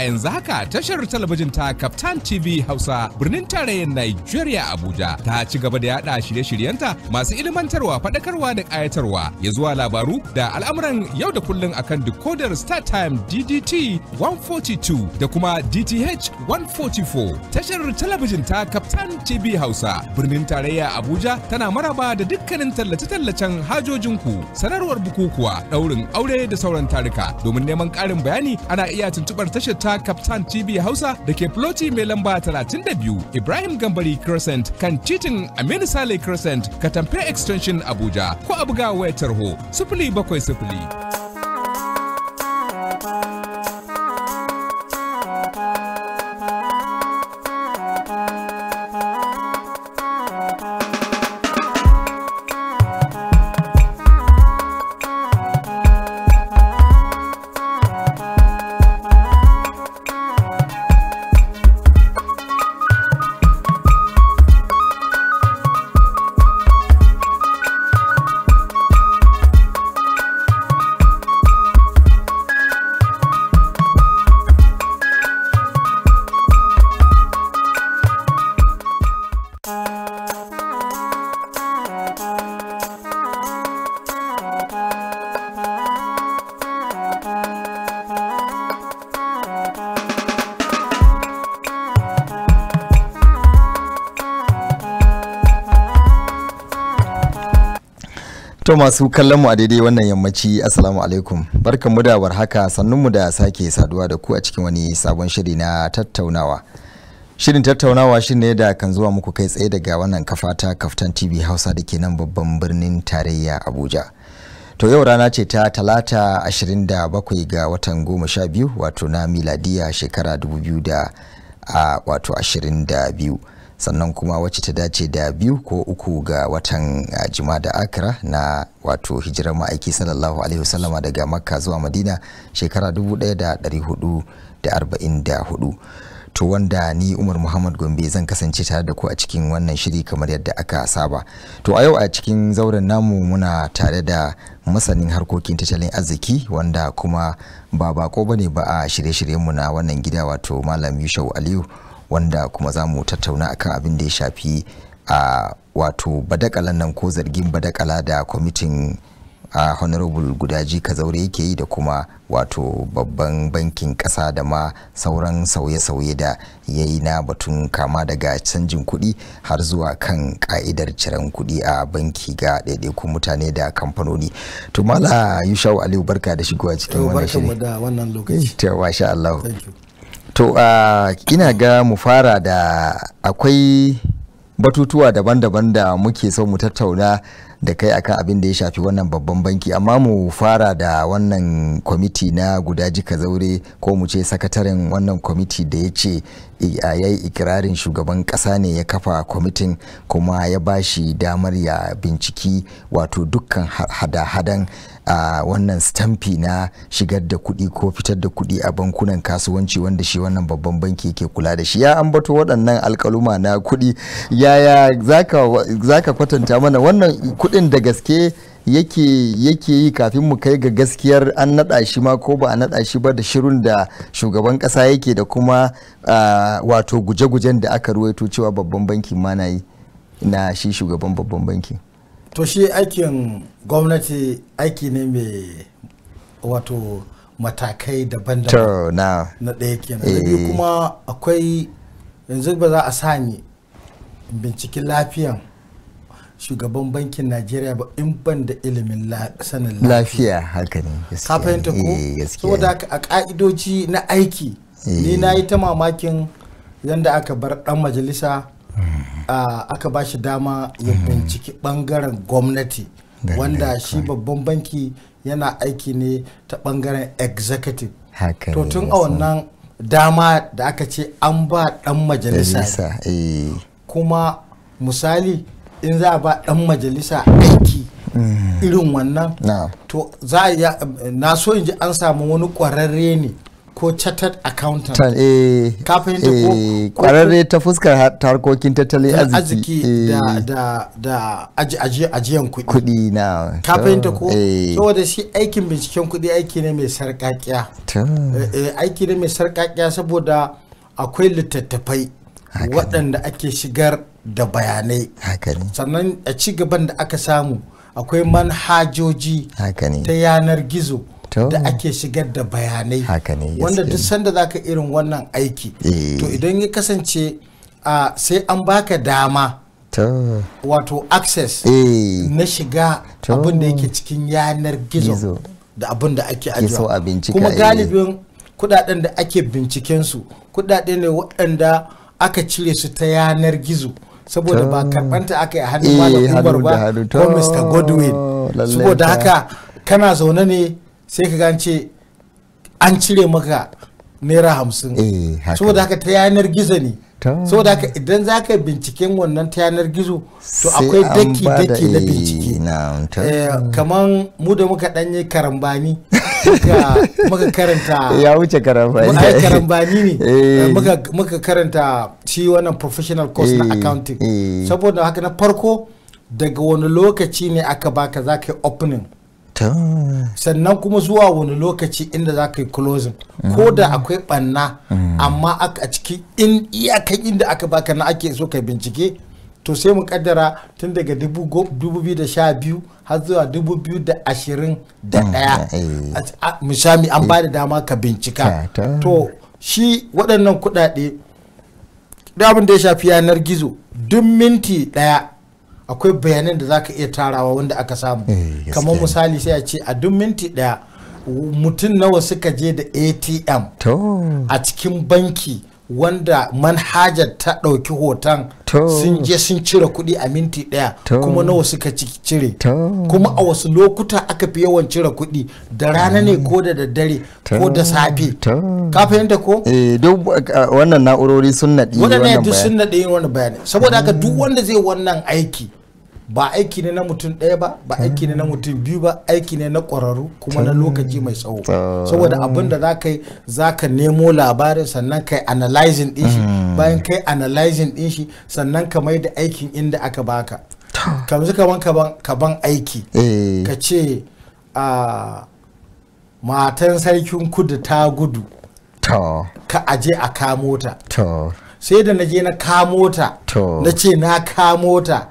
a yanzu haka tashar talabijin ta Captain TV Hausa birnin tarayyar Nigeria Abuja ta ci gaba da yada shirye-shiryenta masu ilmantarwa, faɗakarwa da ƙayatarwa ya zuwa labaru da al'amuran yau da kullun akan decoder Star Time DDT 142 da kuma DTH 144. Tashar talabijin ta Captain TV Hausa birnin tarayya Abuja tana maraba da dukkanin tallace-tallacen hajojinku, sanarwar bukukuwa, ɗaurin aure da sauran tarika. Domin neman ƙarin bayani ana iya tuntuɓar tashar ta ta Captain TV Hausa da ke Floti mai lamba 32 Ibrahim Gambari Crescent kan titin Aminu Sale Crescent Katamfe Extension Abuja ko a buga wayar tarho 070. masu kallon mu a daidai wannan yammaci assalamu alaikum barkanmu da warhaka sannunmu da sake saduwa da ku a cikin wani sabon shiri na tattaunawa shirin tattaunawa shi ne da kan zuwa muku kai tsaye daga wannan kafa ta kaftan tv hausa da ke nan babban birnin tarayya abuja to yau rana ce ta talata 27 ga watan goma 12 wato na miladiya shekara 2022 a wato biyu. sannan kuma wacce ta dace da biyu ko uku ga watan ah, da akira na wato hijirar ma'aiki sallallahu alaihi wasallama daga makka zuwa madina shekara 1444 to wanda ni umar muhammad gombe zan kasance tare da ku a cikin wannan shiri kamar yadda aka saba to a yau a cikin zauren namu muna tare da masanin harkokin tattalin arziki wanda kuma ba bako bane ba a shirye-shiryenmu na wannan gida wato malam yushau aliyu wanda kuma za mu tattauna akan abin da ya shafi a wato badakalan nan ko zargin badakala da kwamitin a honorable gudaji kazaure yake yi da kuma wato babban bankin kasa da ma sauran sauye-sauye da ya yi na batun kama daga canjin kuɗi har zuwa kan ka'idar ciran kuɗi a banki ga ɗaiɗaikun mutane da kamfanoni tumala yushau aliyu barka da shigowa cikin wannan shirin to a ina ga mu fara da akwai batutuwa daban-daban da muke so mu tattauna da kai akan abin da ya shafi wannan babban banki amma mu fara da wannan kwamiti na guda jika zaure ko mu ce sakataren wannan kwamiti da ya ce ya yi ikirarin shugaban kasa ne ya kafa kwamitin kuma ya ba shi damar ya binciki wato dukkan hada-hadan a wannan stamfi na shigar da kuɗi ko fitar da kuɗi a bankunan kasuwanci wanda shi wannan babban banki ke kula da shi ya ambato waɗannan alkaluma na kuɗi yaya zaka, zaka kwatanta mana wannan kuɗin da gaske yake yake yi kafin mu kai ga gaskiyar an naɗa shi ma ko ba a naɗa shi ba da shirin da shugaban ƙasa yake da kuma wato guje-gujen da aka ruwaito cewa babban banki ma na yi na shi shugaban babban banki to shi aikin gwamnati aiki ne mai wato matakai daban-daban na ɗaya kenan e. kuma akwai yanzu ba za a sani binciken lafiyan shugaban bankin najeriya ba in ban da ilimin sanin lafiya haka ne ka fahimta ko eh, saboda a ka'idoji na aiki ni eh. na yi ta mamakin yadda aka bar dan majalisa hmm. aka ba shi dama ya hmm. binciki bangaren gwamnati wanda shi babban banki yana aiki ne ta bangaren executive to tun a wannan dama da aka ce an ba dan majalisa eh. kuma misali in za a ba ɗan majalisa aiki irin wannan to za a na so in ji an samu wani ƙwararre ne ko chartered accountant eh, kafin fahimta ko eh, ƙwararre ta fuskar harkokin tattalin arziki eh. da da ajiyan kuɗi kuɗi na ka fahimta ko saboda shi aikin binciken kuɗi aiki ne mai sarƙaƙiya aiki ne mai sarƙaƙiya saboda akwai littattafai waɗanda ake shigar da bayanai sannan a ci gaban da aka samu akwai manhajoji ta yanar gizo da ake shigar da bayanai wanda duk sanda zaka irin wannan aiki eh. to idan ya kasance sai an baka dama wato access eh. na shiga abin da yake cikin yanar gizo da abin da ake ajiyar kuma eh. galibin kudaden da ake binciken su kudaden ne waɗanda aka cire su ta yanar gizo saboda ba karbanta aka yi a eh, ba da ba ko mr godwin oh, saboda haka kana zaune ne sai ka gance an cire maka naira hamsin eh, saboda haka ta yanar gizo ne saboda haka idan za ka binciken wannan ta yanar gizo to akwai daki daki na eh, bincike kamar mu da muka danye karambani muka karanta ya wuce karambani muka karambani ne eh. muka karanta shi wannan professional course na eh, accounting eh. saboda haka na farko daga wani lokaci ne aka baka za ka yi opening sannan kuma zuwa wani lokaci inda za ka yi closing ko da mm. akwai banna mm. amma a cikin iyakan inda aka baka na ake so ka bincike to sai mu kaddara tun daga 2012 har zuwa 2021 mm, eh, eh. misali an ba da eh. dama ka bincika to shi waɗannan kuɗaɗe abin da ya shafi yanar gizo duk minti ɗaya akwai bayanan da za ka iya tarawa wanda aka samu kamar misali sai a ce a duk minti ɗaya mutum nawa suka je da atm a cikin banki wanda manhajar ta ɗauki hoton sun je sun cire kuɗi a minti ɗaya kuma nawa suka cire kuma a wasu lokuta aka fi yawan cire kuɗi da rana ne ko da daddare ko da safe ka fahimta ko eh duk wannan na'urori sun naɗi wannan wannan sun naɗi wannan bayani saboda haka duk wanda zai wannan aiki ba aiki ne na mutum ɗaya ba ba aiki ne na mutum biyu ba aiki ne na ƙwararru kuma na lokaci mai tsawo ah. saboda abin da za ka yi za ka nemo labarin sannan ka yi analyzing ɗin shi hmm. bayan ka yi analyzing ɗin shi sannan ka mai da aikin inda aka baka Ka kaman kaban aiki eh. ka ce a ah, matan sarkin kudu ta gudu ka aje a kamo ta sai da na je na kamo ta na ce na kamo ta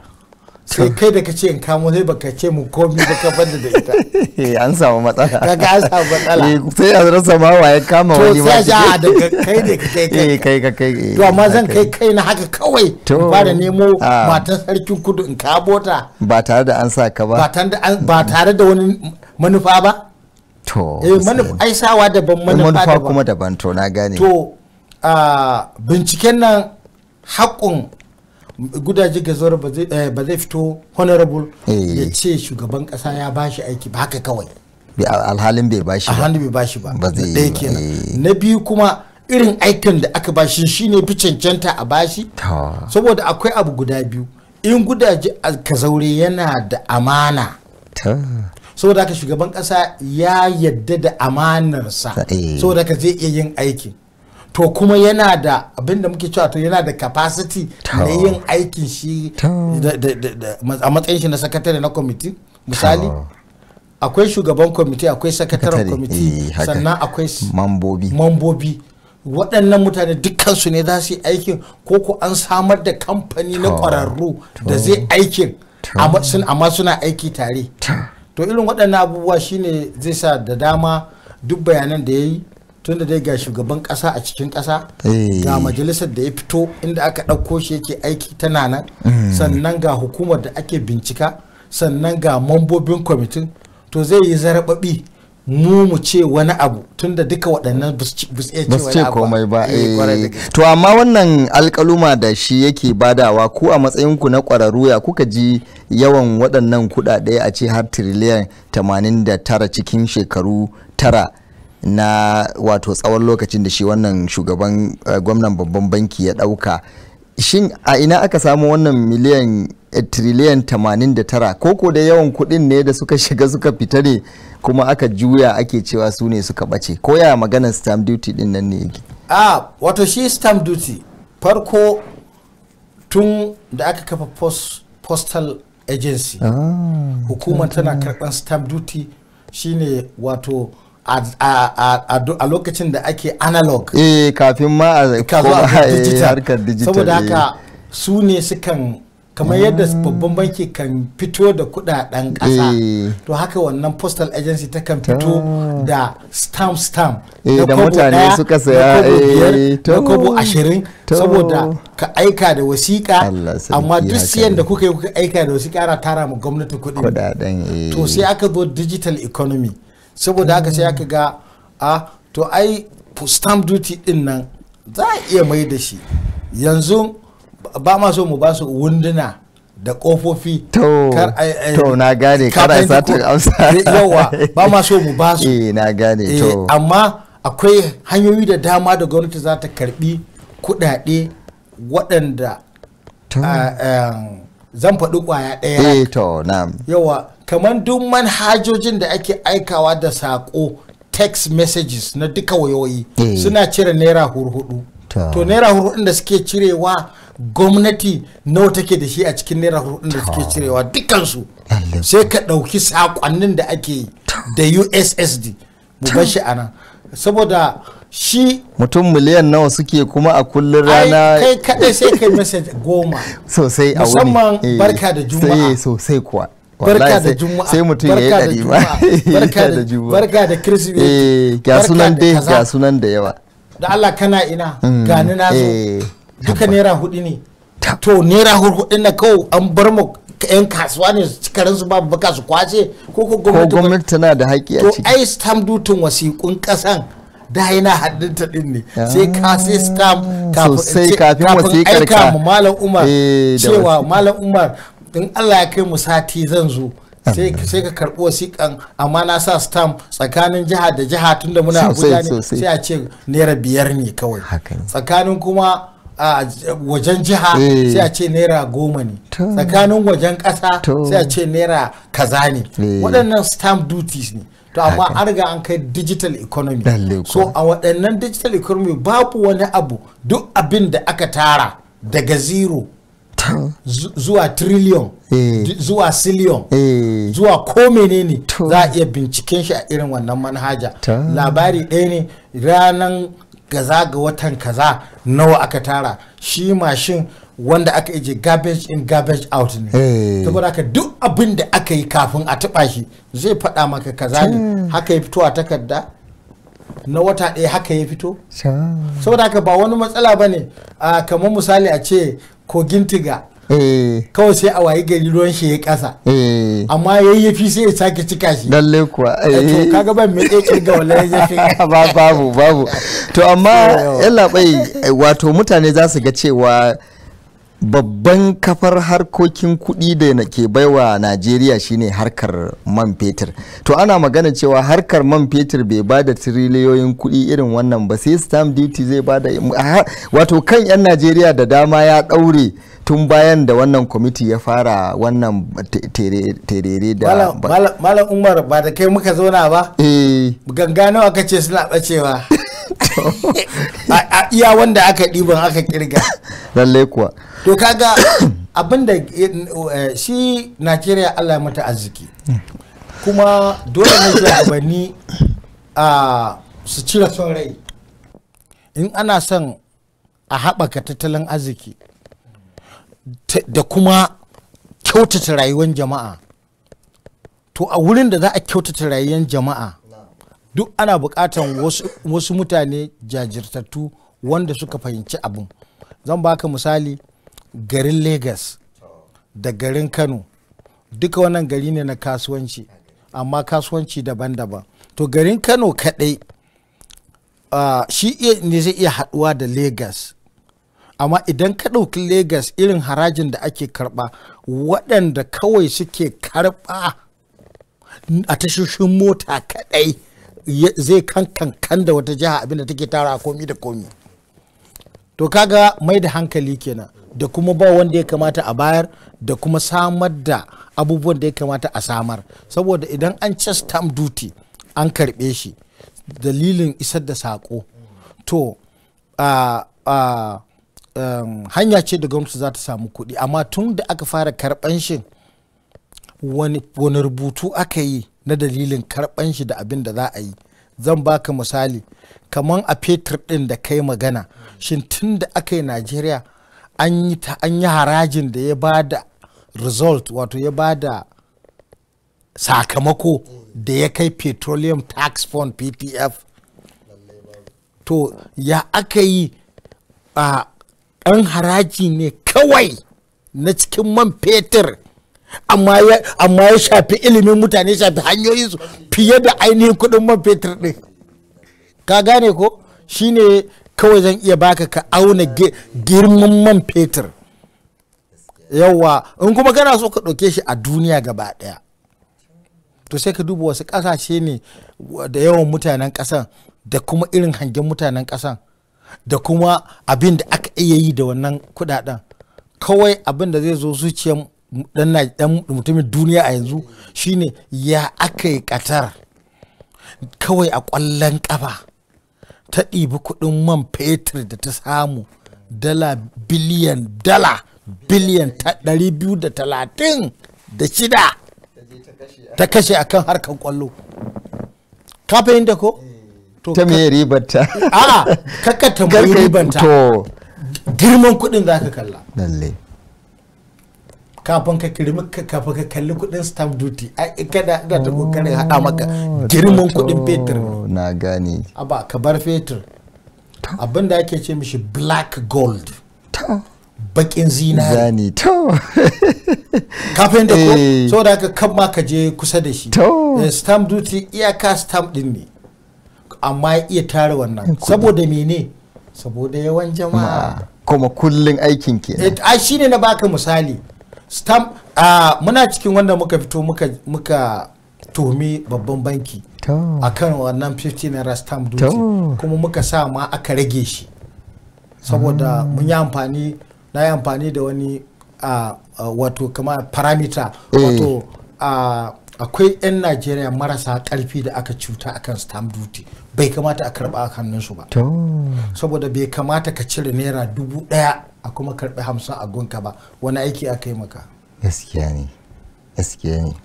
sai kai da kace in kamo ne baka ce mu komi ba ka fada da ita eh an samu matsala kaga an samu matsala eh, sai a rasa ma ya kama wani ma to sai da kai ne kai kai eh kai ka kai eh, to amma zan kai kai na haka kawai ba da nemo ah. matan sarkin kudu in kabo ta ba tare da an sa ka ba ba tare da wani manufa ba to eh manufa ai sawa daban manufa manufa kuma daban to na gane to ah, binciken nan haƙƙun gudaje gazawar eh, ba zai fito honorable eh. ya ce shugaban kasa ya bashi aiki ba haka kawai alhalin bai bashi ba bai bashi ba ɗaya kenan eh. na biyu kuma irin aikin da aka bashi shine fi cancanta a bashi saboda akwai abu guda biyu in gudaje zaure yana da amana saboda haka shugaban kasa ya yadda da amanarsa saboda haka zai iya yin aikin to kuma yana da abinda muke cewa to yana da capacity na yin aikin shi a matsayin shi na sakatare na kwamiti misali akwai shugaban kwamiti akwai sakataren kwamiti eh, sannan akwai mambobi mambobi waɗannan mutane dukkansu ne za su yi aikin ko ko an samar da kamfani na ƙwararru da zai aikin amma suna aiki tare to irin waɗannan abubuwa shine zai sa da dama duk bayanan da ya yi tunda dai ga shugaban kasa a cikin kasa eh. ga majalisar da ya fito inda aka ɗauko shi yake aiki tana nan hmm. sannan ga hukumar da ake bincika sannan ga mambobin kwamitin to zai yi zarababi mu mu ce wani abu tunda duka waɗannan ba su ce komai ba eh, eh. to amma wannan alkaluma da shi yake badawa ko a matsayinku na kwararru ya kuka ji yawan waɗannan kuɗaɗe a ce har tiriliyan 89 cikin shekaru tara na wato tsawon lokacin da shi wannan shugaban eh, gwamnan babban banki ya ɗauka shin a ina aka samu wannan miliyan eh, triliyan tamanin da tara koko da yawan kuɗin ne da suka shiga suka fita ne kuma aka juya ake cewa su ne suka bace ko ya maganar stamp duty din nan ne yake a wato shi stamp duty farko tun da aka kafa post, postal agency ah, hukumar tana karban stamp duty shine wato a lokacin da ake analog eh kafin ma a eh, harkar digital saboda eh. haka su ne sukan kamar ah. yadda babban banki kan fito da kudaden kasa eh. to haka wannan postal agency ta kan fito ah. da stamp stamp da mutane kasa ya da kobo ashirin saboda ka aika da wasiƙa amma duk siyan da kuka yi kuka aika da wasiƙa ana tara ma gwamnati kuɗi to sai aka zo digital economy saboda haka sai aka ga a ah, to ai stamp duty din nan za a iya mai da shi yanzu ba ma so mu ba su wunduna da kofofi to na gane kar a sata amsa eh, yawa ba ma so mu ba su eh na gane to eh, amma akwai hanyoyi da dama da gwamnati za ta karbi kudade waɗanda ah, zan faɗi kwaya ɗaya eh to yawa kamar duk manhajojin da ake aikawa da saƙo text messages na duka wayoyi eh. suna cire naira hurhudu to naira hurhudun da suke cirewa gwamnati nawa take da shi a cikin naira hurhudun da suke cirewa dukansu sai ka ɗauki saƙonnin da ake da ussd mu bar shi anan saboda shi mutum miliyan nawa suke kuma a kullun rana kai kadai sai kai message goma sosai a wuni musamman eh, barka da juma'a sosai kuwa barka da juma'a sai mutum ya yi ɗari. ba barka da juma'a barka da kirsimeti eh, ga sunan dai ga sunan da yawa da Allah kana ina mm, gani na zo eh, duka naira hudu ne to naira hudu na kawo an bar mu yan kasuwa ne cikarin su babu baka su kwace ko ko gwamnati tana da haƙƙi a ciki to ai stamp dutin wasiƙun ƙasan da yana haddinta din ne ah, sai ka sai stamp kafin aika mu malam umar eh, cewa malam umar in allah ya kai mu sati zan zo sai ka karɓi wasiƙan amma na sa stamp tsakanin jiha da jiha tunda muna abuja ne sai a ce naira biyar ne kawai tsakanin kuma a wajen jiha eh. sai a ce naira goma ne tsakanin wajen ƙasa sai a ce naira kaza ne eh. waɗannan stamp duties ne to amma an riga an kai digital economy so a waɗannan digital economy babu wani abu duk abin da aka tara daga zero zuwa trillion eh. zuwa silion eh. zuwa ko menene za a iya binciken shi a irin wannan manhaja labari ɗaya ne ranar gaza ga watan kaza nawa aka tara shi mashin wanda aka ije garbage in garbage out ne saboda haka duk abin da aka yi kafin a taba shi zai faɗa maka kaza ne haka ya fito a takarda na wata ɗaya haka ya fito saboda ka ba wani matsala ba ne ah, kamar misali a ce kogin tiga Eh. kawai sai a waye gari ruwan shi ya kasa eh. amma fi sai ya sake cika shi lalle kuwa eh, to kaga ban me tsekin ga wala ba babu babu to amma yalla bai wato mutane za su ga cewa babban kafar harkokin kuɗi da na ke baiwa najeriya shine harkar man fetur to ana magana cewa harkar man fetur bai ba da tiriliyoyin kuɗi irin wannan ba sai stamp duty zai ba da wato kan 'yan najeriya da dama ya ɗaure tun bayan da wannan kwamiti ya fara wannan terere da malam umar ba da kai muka zauna ba eh. ganga nawa kace suna bacewa a iya wanda aka ɗiban aka kirga lallai kuwa to kaga abinda eh, shi na kira Allah mata arziki kuma dole ne shugabanni a su cire son rai in ana son a haɓaka tattalin arziki da kuma kyautata rayuwar jama'a to a wurin da za a kyautata rayuwar jama'a duk ana bukatan wasu mutane jajirtattu wanda suka fahimci abin zan baka misali garin lagos da garin kano duka wannan gari ne na kasuwanci amma kasuwanci daban-daban to garin kano kaɗai shi ne zai iya haduwa da lagos amma idan ka ɗauki lagos irin harajin da ake karɓa waɗanda kawai suke karɓa a tashoshin mota kaɗai zai kankan da wata jiha abinda take tara a komi da komi to kaga mai da hankali kenan da kuma ba wanda ya kamata a bayar da kuma samar da abubuwan da ya kamata a samar saboda idan an ci stamp duty an karbe shi dalilin isar da sako to a hanya ce da gwamnati za ta samu kuɗi amma tun da aka fara karɓan shi wani rubutu aka yi na dalilin karɓan shi da abin da za a yi zan baka misali kamar a fetur ɗin da kai magana shin tun da aka yi najeriya an yi harajin da ya ba da result wato ya ba da sakamako da ya kai petroleum tax fund ptf to ya aka yi a ɗan haraji ne kawai na cikin man fetur amma ya shafi ilimin mutane shafi hanyoyin su fiye da ainihin kudin man fetur ɗin ka gane ko shine kawai zan iya baka ka auna girman man fetur yawa in kuma kana so ka ɗauke shi a duniya gaba ɗaya to sai ka duba wasu kasashe ne da yawan mutanen ƙasan da kuma irin hangen mutanen kasan da kuma abin da aka iya yi da wannan kuɗaɗen kawai abin da zai zo zuciyar dan mutumin duniya a yanzu shine ya aka yi katar kawai a kwallon kafa ta ɗibi kuɗin man fetur da ta samu dala biliyan dala biliyan ɗari biyu da talatin da shida ta kashe a kan harkar kwallo ka fahimta ko? ta me ribanta a kakka mai ribanta girman kuɗin za ka kalla kafin ka kirmi kafin ka kalli kudin stamp duty a kada da ta kokarin hada maka girman kudin fetur oh, na gane aba ka bar fetur abin da ake ce mishi black gold bakin zinari to kafin da ko eh. da ka kan ma ka je kusa da shi eh, stamp duty iyaka stamp din ne amma ya iya tare wannan saboda mene saboda yawan jama'a kuma kullun aikin ke eh, A shine na baka misali stamp a ah, muna cikin wanda muka fito muka muka tuhumi babban banki akan wannan 15 naira stamp duty kuma muka sa ma aka rage shi saboda ah. mun yi amfani na yi amfani da wani ah, wato kama parameter eh. wato akwai 'yan najeriya marasa karfi da aka cuta akan stamp duty bai kamata a karba a hannunsu ba saboda bai kamata ka cire naira dubu daya a kuma karbi hamsin a gunka ba wani aiki a kai maka gaskiya ne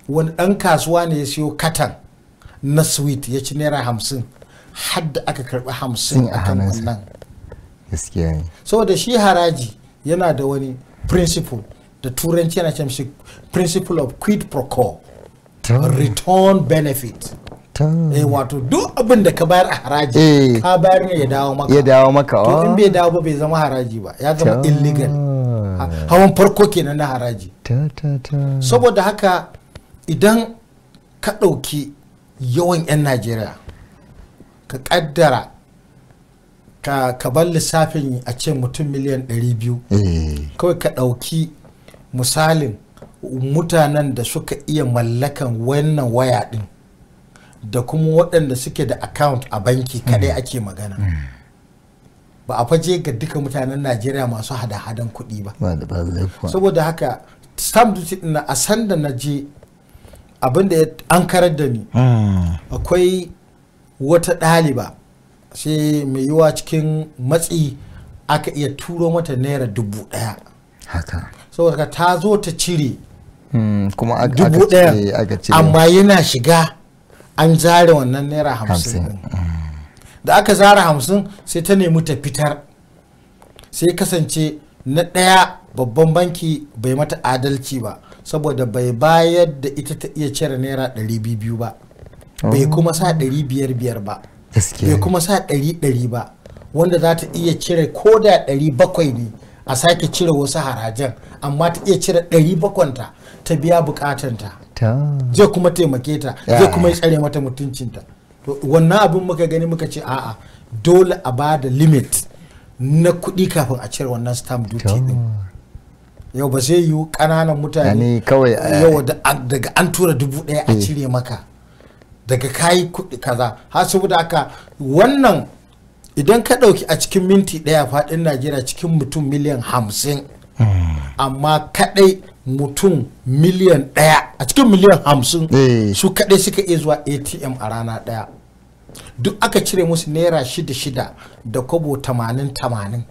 wani ɗan kasuwa ne ya siyo katan na sweet ya ci naira hamsin hadda aka karbi hamsin a kan wannan gaskiya ne saboda shi haraji yana da wani principle da turanci yana ce principle of quid pro quo return benefit eh wato duk abin da ka bayar a haraji eh. ka bayar ne ya dawo maka ya dawo maka to in ah. bai dawo ba bai zama haraji ba ya zama illegal hawan farko kenan na haraji saboda haka idan ka ɗauki yawan 'yan najeriya ka ƙaddara ka bar lissafin a ce mutum miliyan 200 eh. kawai ka ɗauki misalin mutanen da suka iya mallakan wannan waya din da kuma waɗanda suke da account a banki kadai mm. ake magana mm. ba a faje ga duka mutanen najeriya masu hada-hadan kuɗi ba saboda haka stamp duty ɗin a sanda na je abinda da an karar da ni mm. akwai wata ɗaliba sai mai yiwa cikin matsi aka iya turo mata naira dubu ɗaya saboda ta zo ta cire dubu ɗaya amma yana shiga an zare wannan naira hamsin da aka zara hamsin sai ta nemi ta fitar sai kasance na ɗaya babban banki bai mata adalci ba saboda bai bayar da ita ta iya cire naira ɗari biyu ba bai oh. kuma sa ɗari biyar biyar ba bai kuma sa ɗari ɗari ba wanda za ta iya cire ko da ɗari bakwai ne a sake cire wasu harajan amma ta iya cire ɗari bakwanta ta biya bukatanta zai kuma taimake ta zai kuma tsare mata mutuncinta to wannan abin muka gani muka ce a'a dole a ba da limit na kuɗi kafin a cire wannan stamp duty din yau ba zai yiwu kananan mutane yau eh. daga an tura dubu ɗaya a eh. cire maka daga kayi kuɗi kaza har saboda haka wannan idan ka ɗauki a cikin minti ɗaya faɗin najeriya cikin mutum miliyan hamsin hmm. amma kaɗai mutum miliyan ɗaya a cikin miliyan hamsin eh. su kaɗai suka iya zuwa atm a rana ɗaya duk aka cire musu naira shida shida da kobo tamanin tamanin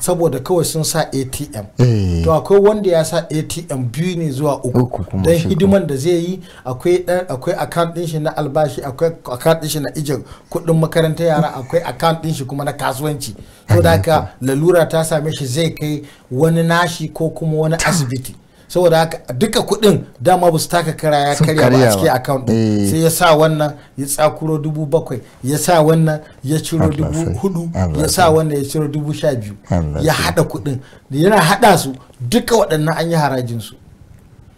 saboda kawai sun sa atm eh. to akwai wanda ya sa atm biyu ne zuwa uku don hidiman da zai yi akwai akwai account din shi na albashi akwai account din shi na ijin kudin makarantar yara akwai account din shi kuma na kasuwanci to da haka lalura ta same shi zai kai wani nashi ko kuma wani asibiti saboda haka duka kuɗin dama ba su taka kara ya karya ba a cikin account eh. sai ya sa wannan ya tsakuro dubu bakwai ya sa wannan ya ciro dubu hudu ya sa wannan ya ciro dubu sha biyu ya haɗa kuɗin yana haɗa su duka waɗannan an yi harajin su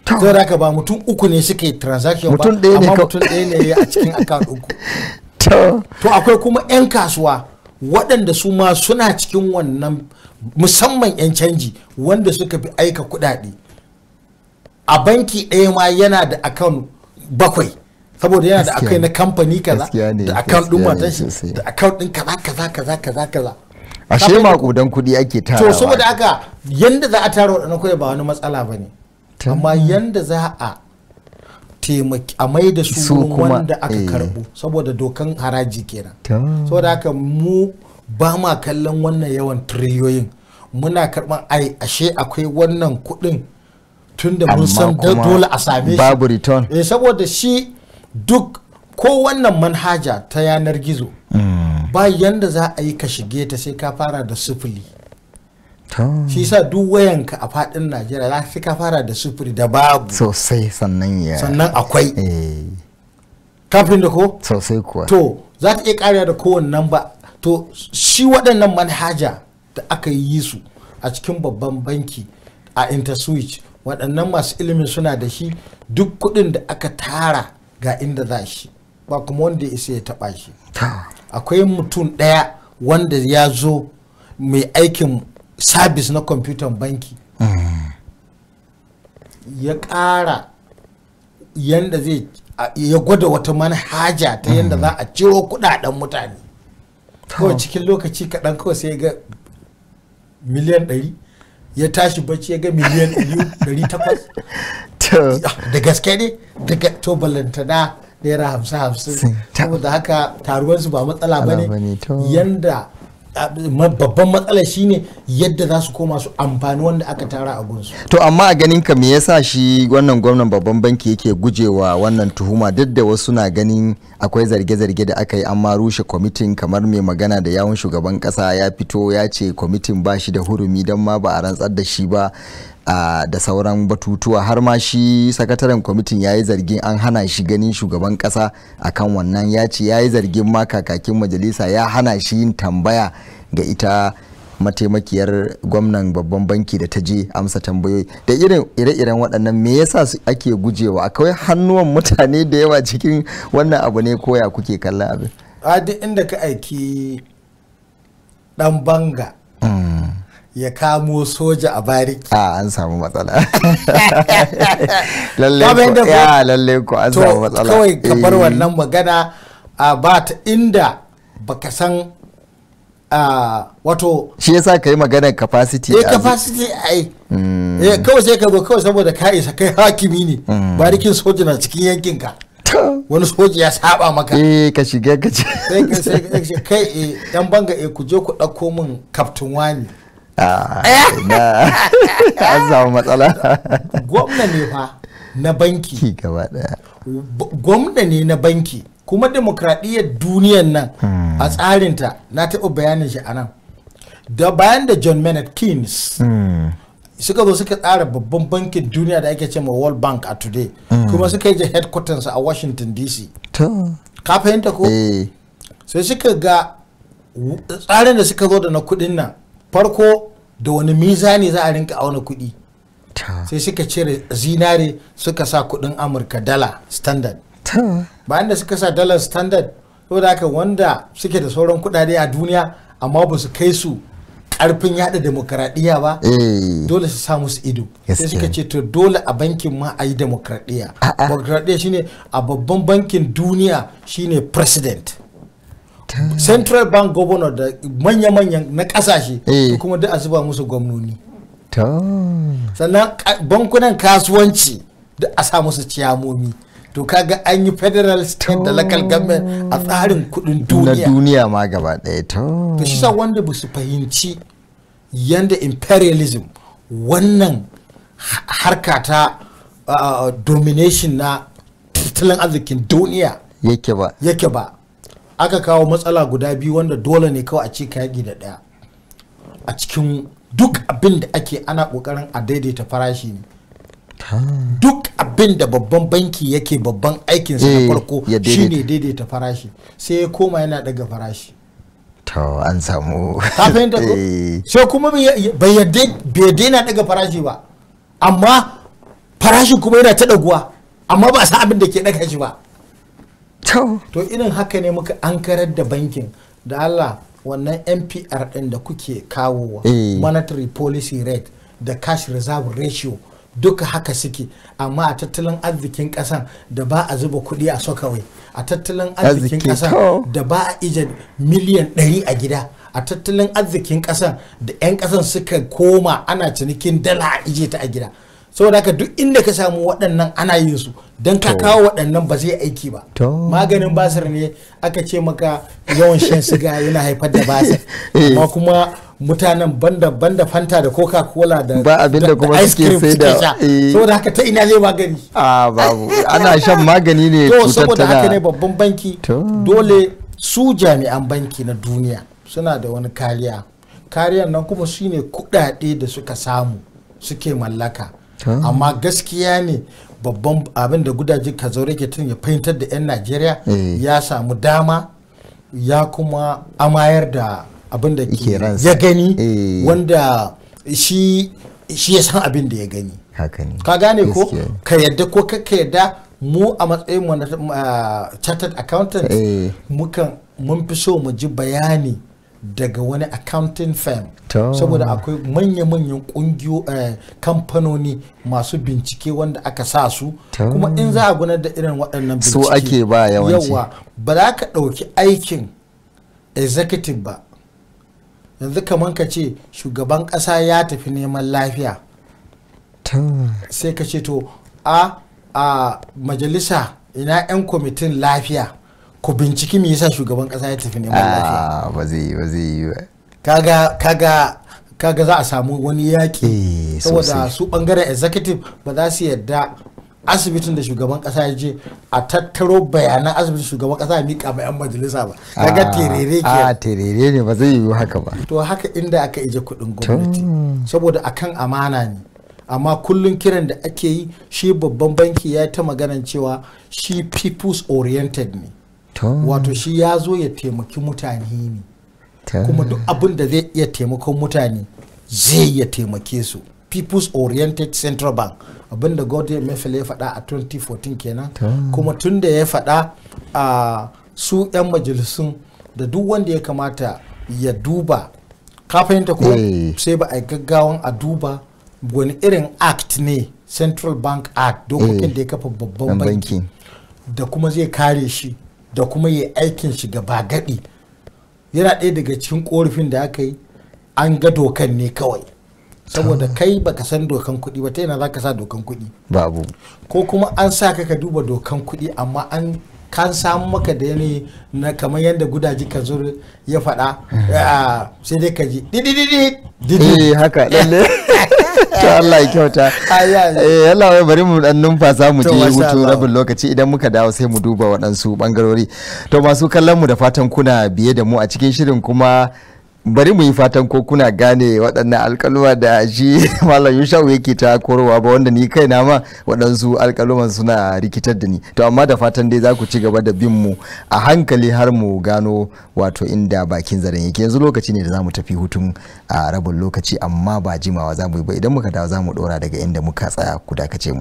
saboda haka ba mutum uku ne suka yi transaction ba amma mutum ɗaya ne a cikin account uku to akwai kuma 'yan kasuwa waɗanda su ma suna cikin wannan musamman 'yan canji wanda suka fi aika kuɗaɗe a banki ɗaya ma yana da akan bakwai saboda yana da akai na kamfani kaza da akan ɗin matan shi da akan ɗin kaza kaza kaza kaza kaza ashe makudan kuɗi ake tara to saboda haka yanda za a tara waɗannan kuɗi ba wani matsala ba ne amma yanda za a taimaki a mai da su wanda aka eh. karɓo saboda dokan haraji kenan saboda haka mu ba ma kallon wannan yawan triliyoyin muna karɓar ai ashe akwai wannan kuɗin da mun san dole a same shi babu return eh saboda shi duk ko wannan manhaja ta yanar gizo hmm. ba yanda za a yi ka shige ta sai ka fara da sufuri shi sa duk wayanka a fadin najeriya za sai ka fara da sufuri da babu sosai sannan ya sannan akwai eh. kafin da ko sosai kuwa to za ta iya kariya da kowane ba to shi waɗannan manhaja da aka yi su a cikin babban banki a interswitch waɗannan masu ilimin suna da shi duk kuɗin da aka tara ga inda za shi ba kuma wanda ya isa ya taɓa shi akwai mutum ɗaya wanda ya zo mai aikin sabis na kwamfutan banki mm. ya ƙara yadda zai ya gwada wata manhaja ta mm. yadda za a ciro kuɗaɗen mutane kawai cikin lokaci kaɗan kawai sai ga miliyan ɗari ya tashi bacci ya ga miliyan 800 ah, da gaske ne daga to balantana naira hamsin hamsin saboda haka taruwansu ba matsala ba ne yanda babban matsalar shine yadda za su koma su amfani wanda aka tara a gunsu to amma a ganin ka me yasa shi wannan gwamnan babban banki yake gujewa wannan tuhuma duk da wasu na ganin akwai zarge-zarge da aka yi amma rushe kwamitin kamar mai magana da yawun shugaban kasa ya fito ya ce kwamitin ba shi da hurumi don ma ba a rantsar da shi ba da sauran batutuwa har ma shi sakataren kwamitin ya yi zargin an hana shi ganin shugaban kasa akan wannan ya ce ya yi zargin ma kakakin majalisa ya hana shi yin tambaya ga ita mataimakiyar gwamnan babban banki da ta je amsa tambayoyi da irin ire-iren waɗannan me yasa ake gujewa akwai hannuwan mutane da yawa cikin wannan abu ne koya kuke kallon abin a duk inda ka aiki dan banga mm. ya kamo soja a bariki a ah, an samu matsala lalle ah, ko an samu matsala kawai ka bar eh. wannan magana a ah, ba ta inda baka san wato shi yasa ka yi maganar capacity eh capacity ai hmm. eh kawai sai ka zo kawai saboda ka isa kai hakimi ne hmm. barikin soja na cikin yankin ka wani soja ya saba maka eh ka shiga ka ce kai dan eh, banga eh ku je ku dauko min captain wani Ah, an samu matsala gwamna ne fa na banki gwamna ne na banki kuma demokradiyyar duniyar nan a hmm. tsarinta na taɓa bayanin shi a nan da bayan da john maynard keynes hmm. suka zo suka tsara babban bankin duniya da ake cewa world bank a today hmm. kuma suka yi headquarters a washington dc ka fahimta ko eh. sai suka ga tsarin da suka zo da na kudin nan farko da wani ne za a rinka auna kuɗi sai suka cire zinare suka sa kuɗin amurka dala standard bayan da suka sa dala standard saboda aka wanda suke da sauran kuɗaɗe a duniya amma ba su kai su ƙarfin yada demokradiyya ba eh. dole su samu su ido sai suka ce to dole a bankin ma a yi demokradiyya demokradiyya shine a babban bankin duniya shine president central bank governor da manya-manyan na kasashe eh. kuma duk a musu gwamnoni sannan bankunan kasuwanci duk a sa musu ciyamomi to kaga an yi federal state da local government a tsarin kudin duniya na duniya ma gaba daya to to shi sa wanda ba su fahimci yanda imperialism wannan harka ta uh, domination na tattalin arzikin duniya yake ba yake ba aka kawo matsala guda biyu wanda dole ne kawai a ce ka yaƙi da daya a cikin duk abin da ake ana kokarin a daidaita farashi ne duk abin da babban banki yake babban aikin sa na eh, farko shine daidaita farashi sai ya koma yana daga farashi to an samu kafin da eh. sai kuma bai daina daga farashi ba amma farashi kuma yana ta daguwa amma ba sa abin da ke daga shi ba to irin haka ne muka ankarar da bankin da allah wannan npr din da kuke kawowa eh. monetary policy rate da cash reserve ratio duka haka suke amma a tattalin arzikin kasan da ba a zuba kuɗi a sokawai a tattalin arzikin kasan da ba a ije miliyan 100 a gida a tattalin arzikin kasan da 'yan kasan suka koma ana cinikin dala a ije ta a gida saboda haka duk inda ka samu waɗannan ana yin su don ka kawo waɗannan ba zai aiki ba maganin basir ne aka ce maka yawan shan siga yana haifar da basir eh. amma kuma mutanen banda banda fanta da coca cola da ba abin da kuma suke sai da eh. saboda haka ta ina zai magani a ah, babu ana shan magani ne cutar tana saboda haka ne babban banki dole su jami'an banki na duniya suna da wani kariya kariyar nan kuma shine kuɗaɗe da suka samu suke mallaka Ah. amma gaskiya ne babban abin da ka kazaure ke tun ya fahimtar da 'yan najeriya eh. ya samu dama ya kuma amayar da abin da ya gani eh. wanda shi ya san abin da ya gani ka gane ko ka yadda ko ka yadda mu a matsayin mu ah, chartered accountant eh. mukan mun fi so mu ji bayani daga wani accounting firm saboda akwai manya-manyan kungiyo eh, kamfanoni masu bincike wanda aka sa su kuma in za a gudanar da irin waɗannan bincike su ake ba yawanci yawa ba za ka ɗauki aikin executive ba yanzu kamar ka ce shugaban ƙasa ya tafi neman lafiya sai ka ce to a a majalisa ina 'yan kwamitin lafiya ku binciki me yasa shugaban kasa ya tafi neman ah, lafiya ba zai yi ba zai yi ba kaga kaga kaga za a samu wani yaki eh, saboda su bangaren executive ba za su yadda asibitin da shugaban kasa ya je a tattaro bayanan asibitin shugaban kasa ya mika ma 'yan majalisa ba kaga ah, terere ke a ah, terere ne ba zai yiwu haka ba to haka inda aka ije kudin gwamnati saboda akan amana ne amma kullum kiran da ake yi shi babban banki ya ta magana cewa shi people's oriented ne wato shi ya zo ya taimaki mutane ne kuma duk abin da zai iya taimakon mutane zai ya taimake su people's oriented central bank abin da gordon mefele ya fada a 2014 kenan kuma tun da ya fada a su 'yan majalisun da duk wanda ya kamata ya duba kafinta ko eh. sai ba a gaggawan a duba wani irin act ne central bank act dokokin eh. da ya kafa babban banki da kuma zai kare shi da kuma yi aikin shi gaba gaɗi yana ɗaya daga cikin ƙorafin da aka yi an ga dokan ne kawai saboda ah. kai baka san dokan kuɗi ba ta yana za ka sa dokan kuɗi babu ko kuma an sa ka ka duba dokan kuɗi amma an kan samu maka da yanayi na kamar yadda gudaji kan zo ya faɗa eh. ah, sai dai ka ji didididi didi eh, haka lalle to Allah ya kyauta eh Allah ya bari mu dan numfasa mu je hutu rabin lokaci idan muka dawo sai mu duba waɗansu bangarori to masu kallon mu da fatan kuna biye da mu a cikin shirin kuma bari mu yi fatan ko kuna gane waɗannan alƙaluma da shi malam yushau yake ta korowa ba wanda ni kai ma waɗansu alƙaluma suna rikitar da ni to amma da fatan dai za ku ci gaba da bin mu a hankali har mu gano wato inda bakin zaren yake yanzu lokaci ne da za mu tafi hutun a rabin lokaci amma ba jimawa za mu yi ba idan muka dawo za mu ɗora daga inda muka tsaya ku dakace mu.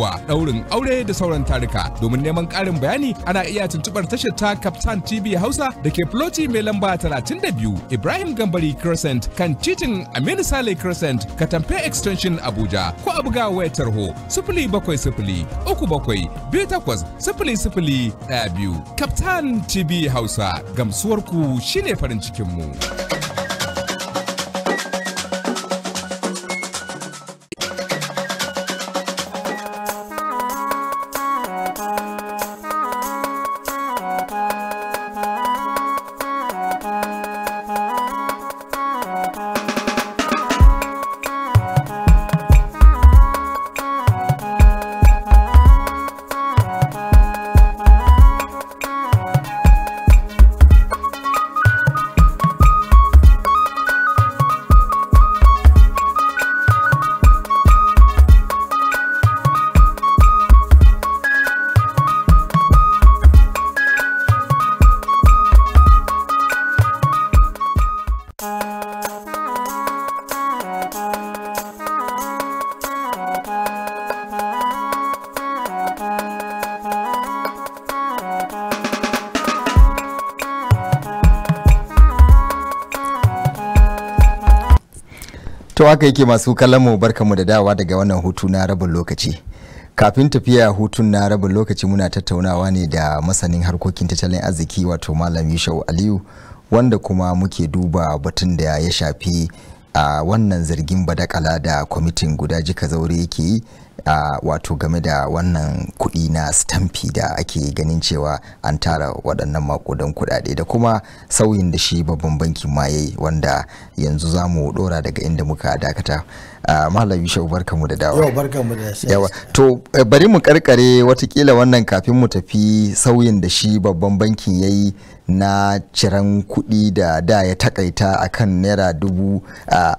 kuwa daurin aure da sauran tarika domin neman karin bayani ana iya tuntubar tashar ta captain tv hausa da ke floti mai lamba 32 ibrahim gambari crescent kan titin aminu sale crescent katamfe extension abuja ko a buga wayar tarho 070 37 0800 ɗaya Captain TV Hausa gamsuwarku shine farin cikinmu. to haka yake masu kallon mu barka mu da dawa daga wannan hutu na rabin lokaci kafin tafiya hutun na rabin lokaci muna tattaunawa ne da masanin harkokin tattalin arziki wato malam yushau aliyu wanda kuma muke duba batun da ya shafi a wannan zargin badakala da kwamitin guda jika zaure yake yi a wato game da wannan kuɗi na stamfi da ake ganin cewa an tara waɗannan makudan kuɗaɗe da kuma sauyin da shi babban bankin ma wanda yanzu za mu ɗora daga inda muka dakata malami shau barka mu da dawa yau barka mu da yawa to eh, bari mu karkare watakila wannan kafin mu tafi sauyin da shi babban bankin yayi na ciran kuɗi da da ya takaita a kan naira dubu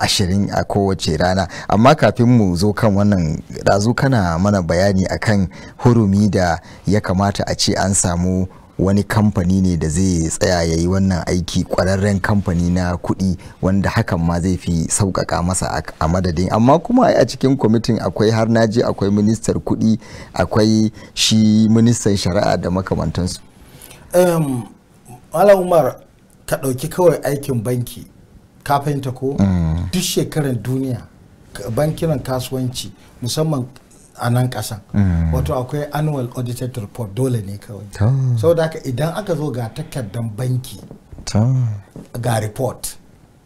ashirin a kowace rana amma kafin mu zo kan wannan ɗazu kana mana bayani a kan hurumi da ya kamata a ce an samu wani kamfani ne da zai tsaya ya yi wannan aiki ƙwararren kamfani na kuɗi wanda hakan ma zai fi sauƙaƙa masa a madadin amma kuma a cikin kwamitin akwai har naji akwai ministar kuɗi akwai shi ministan shari'a da makamantansu malam umar ka ɗauki kawai aikin banki ka fahimta ko mm. duk shekaran duniya bankinan kasuwanci musamman a nan kasan mm. wato akwai annual audited report dole ne kawai saboda haka idan aka zo ga takardan banki ga report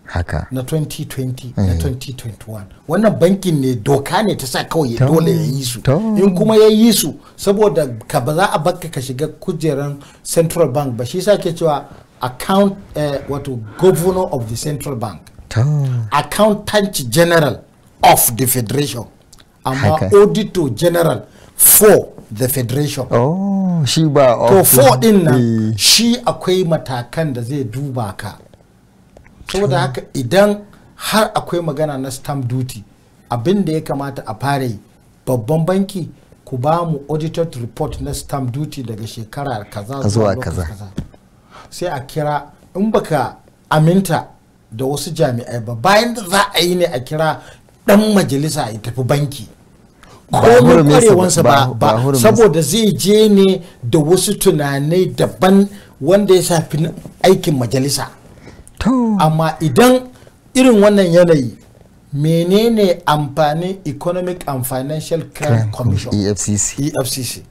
haka na 2020 na 2021 eh. wannan bankin ne doka ne ta sa kawai ya dole ya yi su in kuma ya yi su saboda ka ba za a baka ka shiga kujeran central bank ba shi sa ke cewa account eh, wato governor of the central bank accountant general of the federation amma auditor general for the federation oh shi ba to for din nan eh. shi akwai matakan da zai duba ka saboda haka idan har akwai magana na stamp duty abin da ya kamata a fara yi babban banki ku ba mu audited report na stamp duty daga shekara kaza zuwa kaza sai a kira in baka aminta da wasu jami'ai ba bayan da za a yi ne a kira dan majalisa ya tafi banki ba ba saboda zai je ne da wasu tunanai daban wanda ya shafi aikin majalisa amma idan irin wannan yanayi menene amfanin economic and financial crime commission efcc efcc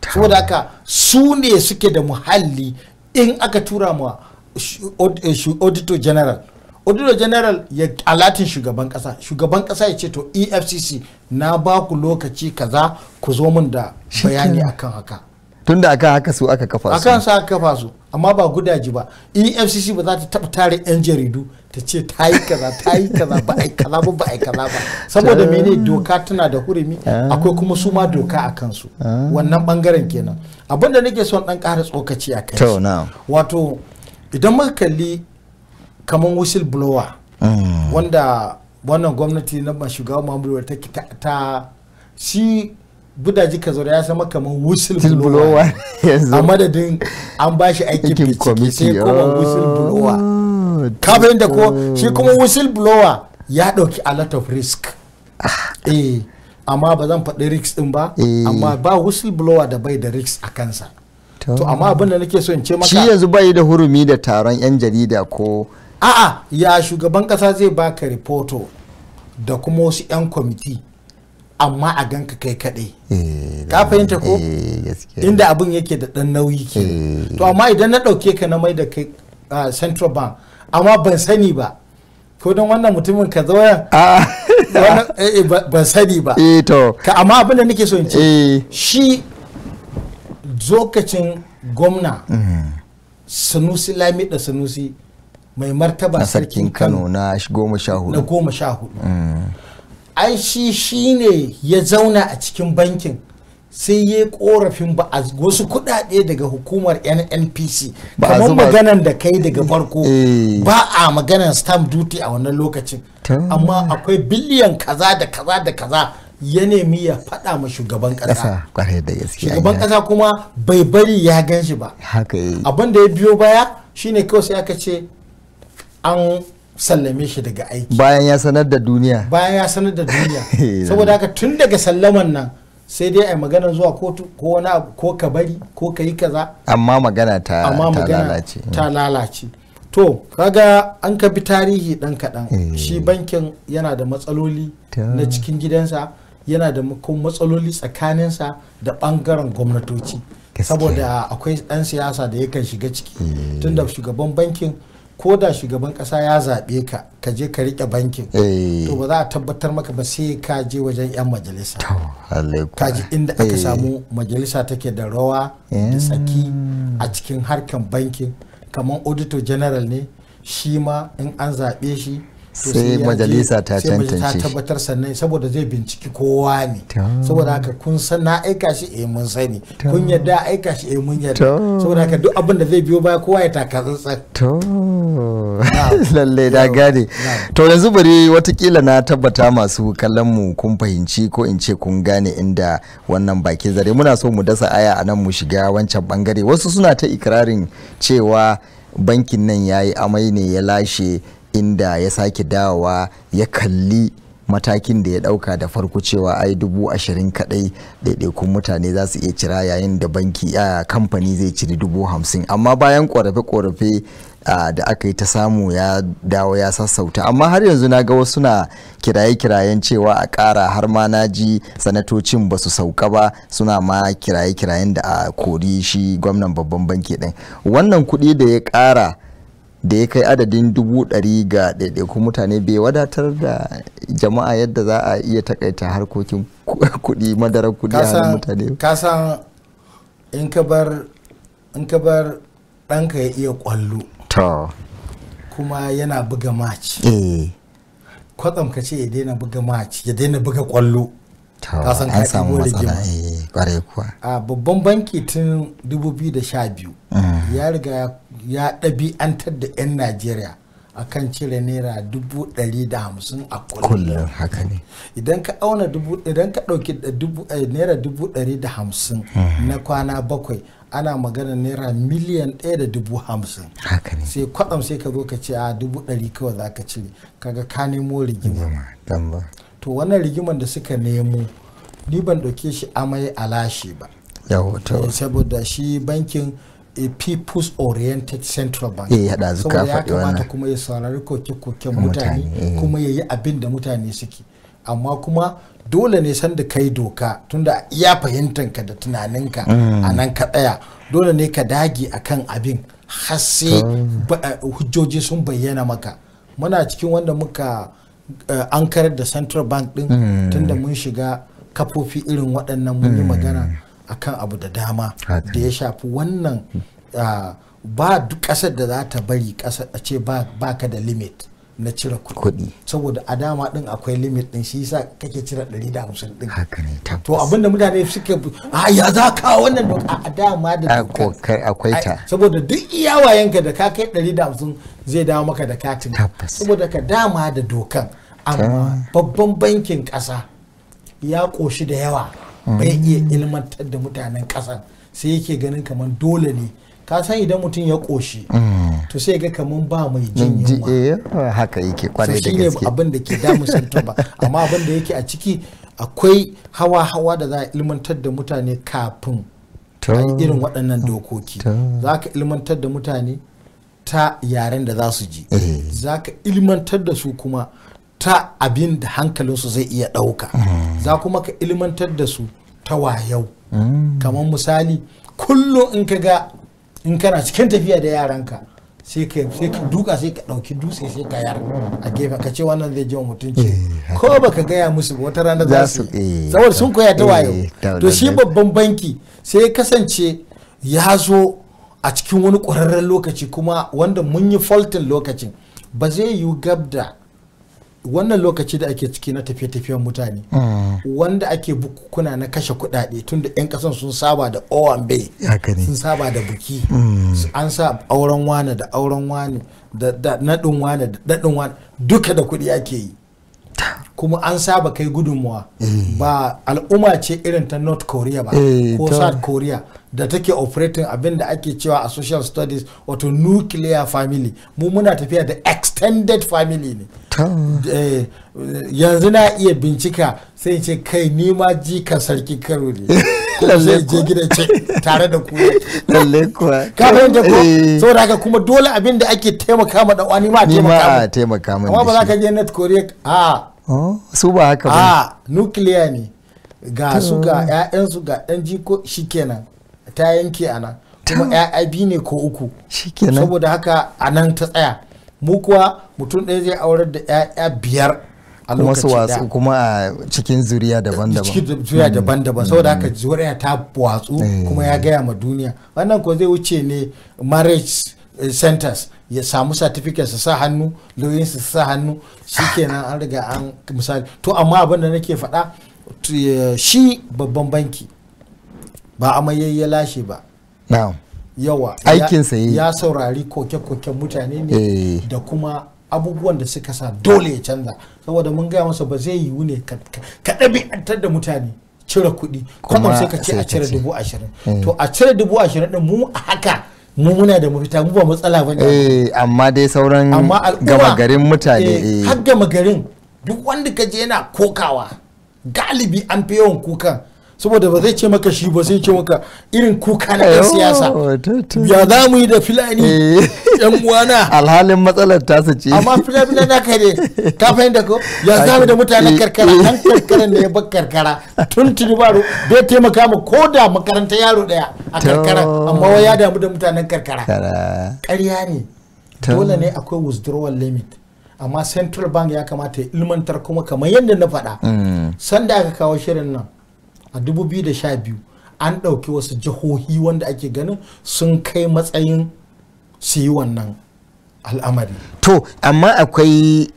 saboda haka su ne suke da muhalli in aka tura ma eh, auditor general auditor general ya alatin shugaban kasa shugaban kasa ya ce to efcc na ba ku lokaci kaza ku zo mun da bayani akan haka Tun da akan haka su aka kafa su akan su aka kafa su amma ba gudaji ba efcc ba za ta taba tare yan jaridu ta ce ta yi kaza ta yi kaza ba ai kaza ba ba ai kaza ba saboda mene doka tana da hurumi ah. akwai kuma su ma doka a kansu ah. wannan bangaren kenan abin da nake son dan ƙara tsokaci a kai wato idan muka kalli kamar whistle blower mm. wanda wannan gwamnati na shugaba muhammadu ta ta shi budaji ka zaura ya zama kamar whistle blower a madadin an ba shi aikin bincike sai kuma whistle oh, blower kafin da ko shi kuma whistle blower ya dauki a lot of risk ah. eh amma ba zan faɗi risk din ba eh. amma ba whistle blower da bai da risk a kansa to amma abin da nake so in ce maka shi yanzu bai da hurumi da taron yan jarida ko a'a ya shugaban kasa zai baka reporto da kuma wasu yan kwamiti amma a ganka kai kaɗai eh, ka fahimta ko eh, inda abin yake da ɗan nauyi ke eh. to amma idan na ɗauke ka na mai da kai central bank amma ban sani ba ko don wannan mutumin ka zo ah. ban sani ba ka amma abin da nake so in ce shi zokacin gwamna mm. sanusi lami da sanusi mai martaba sarkin kano na goma sha hudu mm. ai shi ne ya zauna a cikin bankin sai ya korafin ba a wasu kudade daga hukumar nnpc kamar maganan da kai daga eh. farko ba a maganan stamp duty a wannan lokacin amma akwai biliyan kaza da kaza da kaza ya nemi ya faɗa ma shugaban ƙasa shugaban kasa kuma bai bari ya gan shi ba abin da ya biyo baya shine kawai sai aka ce an sallame shi daga aiki bayan ya sanar da duniya bayan ya sanar da duniya saboda haka tun daga sallaman nan sai dai a magana zuwa kotu ko wani ko ka bari ko ka yi kaza amma magana ta amma ta lalace to kaga an ka bi tarihi dan kaɗan shi bankin yana da matsaloli na cikin gidansa yana da matsaloli tsakaninsa da bangaren gwamnatoci saboda akwai ɗan siyasa da yakan shiga ciki tunda shugaban bankin ko da shugaban kasa ya zaɓe ka ka je ka riƙe bankin eh. to ba za a tabbatar maka ba sai ka je wajen 'yan majalisa ka ji inda aka eh. samu majalisa take da rawa da eh. tsaki a cikin harkan bankin kamar auditor general ne shi ma in an zaɓe shi sai majalisa ta tantance sai ta tabbatar sannan saboda zai binciki kowa ne saboda haka kun san na aika shi eh mun sani kun yadda aika shi eh mun yadda saboda haka duk abin da zai biyo baya kowa ya taka tsantsan to lalle da gane to yanzu bari watakila na tabbata masu kallon mu kun fahimci ko in ce kun gane inda wannan baki zare muna so mu dasa aya a nan mu shiga wancan bangare wasu suna ta ikirarin cewa bankin nan ya yi amai ne ya lashe inda ya sake dawowa ya kalli matakin da ya dauka da farko cewa ai dubu ashirin kadai ɗaiɗaikun mutane za su iya cira yayin da banki a kamfani zai ciri dubu hamsin amma bayan korafe-korafe da aka yi ta samu ya dawo ya sassauta amma har yanzu na ga wasu na kiraye-kirayen cewa a ƙara har ma na ji sanatocin ba su sauka ba suna ma kiraye-kirayen da a kori shi gwamnan babban banki ɗin wannan kuɗi da ya ƙara da ya kai adadin dubu ɗari ga ɗaiɗaikun mutane bai wadatar da jama'a yadda za a iya takaita harkokin kuɗi madarar kuɗi a mutane ka san in ka bar in ka bar ɗanka ya iya ƙwallo kuma yana buga maci. Eh. kwatsam ka ce ya daina buga maci. ya daina buga ƙwallo ta san ka samu matsala kware eh, kuwa a babban banki tun 2012 mm. ya riga ya ɗabi'antar da 'yan najeriya kan cire naira dubu ɗari da hamsin a kullum haka ne idan ka auna dubu idan ka ɗauki eh, naira dubu ɗari da hamsin mm. na kwana bakwai ana magana naira miliyan ɗaya da dubu hamsin haka ne sai kwaɗam sai ka zo ka ce a dubu ɗari kawai za ka cire kaga ka nemo rigima to wannan rigiman da suka nemo ni ban ɗauke shi amai a lashe ba eh, saboda shi bankin a eh, people's oriented central bank eh, Ya hada zuka faɗi wannan kuma ya saurari koke-koken mutane kuma ya yi abin da mutane suke amma kuma dole ne sanda kai doka tunda iya fahimtanka da tunaninka a mm. nan ka tsaya dole ne ka dage akan abin har sai hujjoji sun bayyana maka muna cikin wanda muka Eh, an karar da central bank din hmm. tunda mun shiga kafofi irin waɗannan mun yi hmm. magana akan abu da dama da ya shafi wannan ah, ba duk ƙasar da za ta bari ƙasar a ce ba ka da limit na cire kuɗi saboda a dama din akwai limit din shi yasa kake cire 150 din haka ne to abinda mutane suke a ya za ka wannan doka a dama da doka akwai ta saboda duk iyawayenka da ka kai 150 zai dawo maka da katin saboda ka dama da dokan amma babban bankin ƙasa ya ƙoshi da yawa bai mm. iya ilmantar da mutanen ƙasa sai yake ganin kamar dole ne ka san idan mutum ya koshi mm. to sai ga kaman ba mai jin yunwa eh, haka yake kwarai da gaske shine abin da ke damu ba amma abin da yake a ciki akwai hawa hawa da za a ilmantar da mutane kafin an irin waɗannan dokoki za ka ilmantar da mutane ta yaren da za su ji eh. za ka ilmantar da su kuma ta abin da hankalinsu zai iya ɗauka mm. za kuma ka ilmantar da su ta wayau mm. kamar misali kullum in ka ga in kana cikin tafiya da yaranka sai ka sai ka duka sai ka dauki dutse sai ka yar a gefe ka ce wannan zai ji mutunci eh, ko baka gaya musu wata rana za su eh, saboda sun koya ta eh, waye to shi babban banki sai ya kasance ya zo a cikin wani ƙwararren lokaci kuma wanda mun yi faltin lokacin ba zai yi gabda. wannan lokaci da ake ciki na tafiye-tafiyen mutane mm. wanda ake bukukuna na kashe kudade tunda 'yan kasan sun saba da owan bay sun saba da buki mm. an sa auren wane da auren wane da naɗin wane da wane duka da kuɗi ake yi kuma an saba kai gudunmuwa eh. ba al'umma ce irin ta north korea ba eh, ko south korea da take operating abin da ake cewa a social studies wato nuclear family mu muna tafiya da extended family ne eh, yanzu na iya bincika sai ce kai nima ka sarki karo ne lalle je gidan tare da ku lalle kuwa ka fahimta ko eh. saboda haka kuma dole abin da ake taimaka ma dan uwani ma a taimaka ma amma ba za ka je North Korea a oh, su ba haka ba a nuclear ne ga su ga ƴaƴan su ga dan jiko shikenan ta yanke a nan kuma ƴaƴa bi ne ko uku shikenan saboda haka a nan ta tsaya mu kuwa mutum ɗaya zai aurar da ƴaƴa biyar a lokaci da kuma a cikin zuriya daban-daban cikin zuriya mm. daban-daban saboda haka mm. zuriya ta watsu eh. kuma ya gaya ma duniya wannan ko zai wuce ne marriage eh, centers ya samu certificate su sa hannu lauyin su sa hannu shikenan an riga an misali to amma abin da nake faɗa eh, shi babban banki ba amayayya lashe ba yawa aikinsa ya saurari koke-koken mutane ne da kuma abubuwan da suka sa dole ya canza saboda mun gaya masa ba zai yiwu ne ka ɗabi'antar da mutane cire kuɗi kuma sai ka ce a cire dubu ashirin hmm. to a cire dubu ashirin ɗin mu a haka mu muna da mafita mu ba matsala ba ne eh, amma dai sauran gama garin mutane eh, eh. har gama garin duk wanda ka je yana kokawa galibi an fi yawan kukan saboda ba zai ce maka shi ba sai ce maka irin kuka na yan siyasa ya za mu yi da filani yan eh. uwana alhalin matsalar ta su ce amma filani na ka ne ka fahimta ko ya za mu da mutanen karkara dan eh, eh. karkaran da ya ba karkara tun tuni baro bai taimaka ma ko da makarantar yaro daya a karkara amma wai ya damu da mutanen karkara ƙarya ne dole ne akwai withdrawal limit amma central bank ya kamata ya ilmantar kuma kamar yadda na faɗa mm. sanda aka kawo shirin nan a 2012 an ɗauki wasu jihohi wanda ake ganin sun kai matsayin su yi wannan al'amari to amma akwai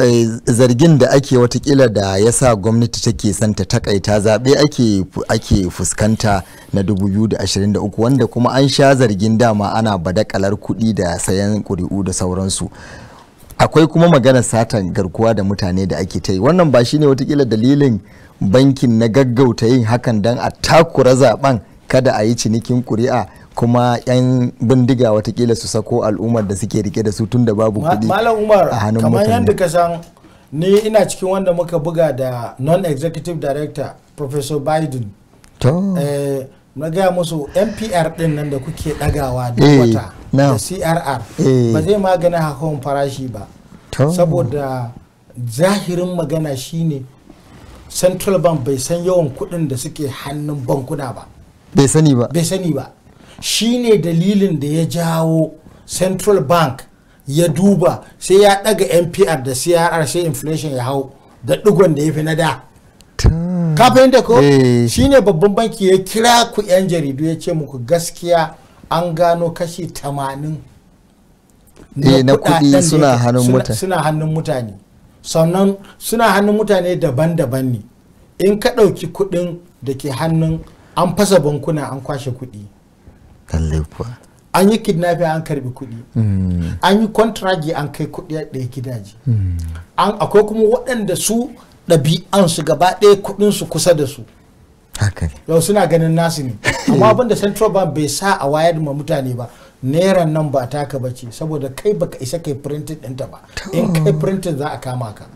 eh, zargin da ake watakila da ya sa gwamnati take son ta takaita zaɓe ake ake fuskanta na 2023 wanda kuma an sha zargin dama ana badakalar kuɗi da sayan ƙuri'u da sauransu akwai kuma magana satan garkuwa da mutane da ake ta yi wannan ba shine watakila dalilin bankin na gaggauta yin hakan don a takura zaben kada a yi cinikin kuri'a kuma 'yan bindiga watakila su sako al'ummar da suke rike da su tun da babu kuɗi a hannun kamar yadda ka san ni ina cikin wanda muka buga da non-executive director professor biden eh, na gaya musu npr din nan da kuke dagawa eh, da wata da crr ba zai magana hakan farashi ba saboda zahirin magana shine central bank bai san yawan kuɗin da suke hannun bankuna ba bai sani ba bai sani ba shine dalilin da ya jawo central bank ya duba sai ya daga npr da crr sai inflation ya hau da digon da ya fi na da kafin da ko eh. shine babban banki ya kira ku 'yan jaridu ya ce muku gaskiya an gano kashi 80 eh, na kuɗi suna hannun mutane sannan suna hannun mutane daban-daban ne in ka ɗauki kuɗin da ke hannun an fasa bankuna an kwashe kuɗi an yi kidnapping an karbi kuɗi hmm. an yi kontragi an kai kuɗi ɗaya gidaje hmm. akwai kuma waɗanda su ɗabi'ansu gaba ɗaya kuɗin su kusa da su yau suna ganin nasu ne amma hmm. abinda central bank bai sa a wayar ma mutane ba naira nan ba taka ba ce saboda kai baka isa kai printing ɗinta ba in kai printing za a kama ka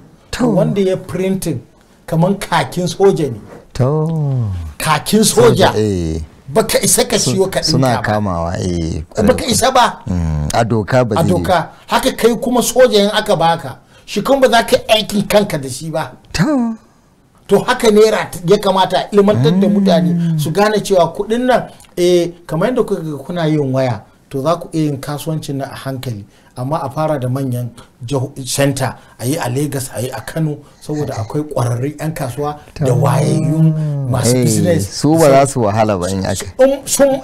wanda ya printing kamar kakin soja ne kakin soja eh. baka isa ka siyo ka ɗinka suna kamawa eh baka isa ba mm, a doka ba a doka haka kai kuma soja in aka baka shi kuma ba za ka aikin kanka da shi ba to haka naira ya kamata ilmantar da mutane su gane cewa kuɗin nan eh kamar yadda kuka kuna yin waya to za ku iya yin kasuwancin na a hankali amma a fara da manyan center a yi a lagos a yi a kano saboda akwai kwararrun 'yan kasuwa da wayayyun masu eh, business su ba za su wahala ba in aka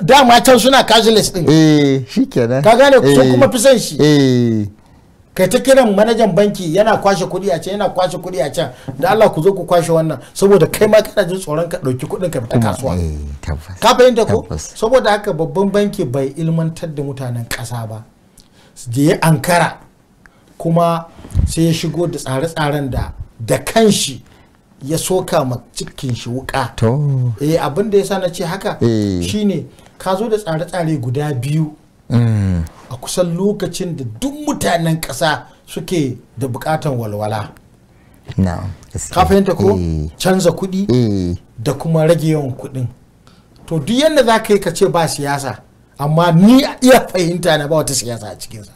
dama can suna casualist din eh kenan ka gane eh. kuma fi son shi eh. kai ta kiran manajan banki yana kwashe kuɗi a can yana kwashe kuɗi a can da Allah ku zo ku kwashe wannan saboda kai ma kana jin tsoron ka ɗauki kuɗin ka fita kasuwa eh, ka fahimta ko saboda haka babban banki bai ilmantar da mutanen kasa ba je ya ankara kuma sai ya shigo da tsare-tsaren da da kanshi ya soka ma cikin shi wuka eh abin da yasa na ce haka eh. shine ka zo da tsare-tsare guda biyu mm. a kusan lokacin da duk mutanen ƙasa suke da buƙatan walwala ka fahimta ko eh. canza kuɗi eh. da kuma rage yawan kuɗin to duk yadda za ka yi ka ce ba siyasa amma ni a iya fahimta na ba wata siyasa a cikinsa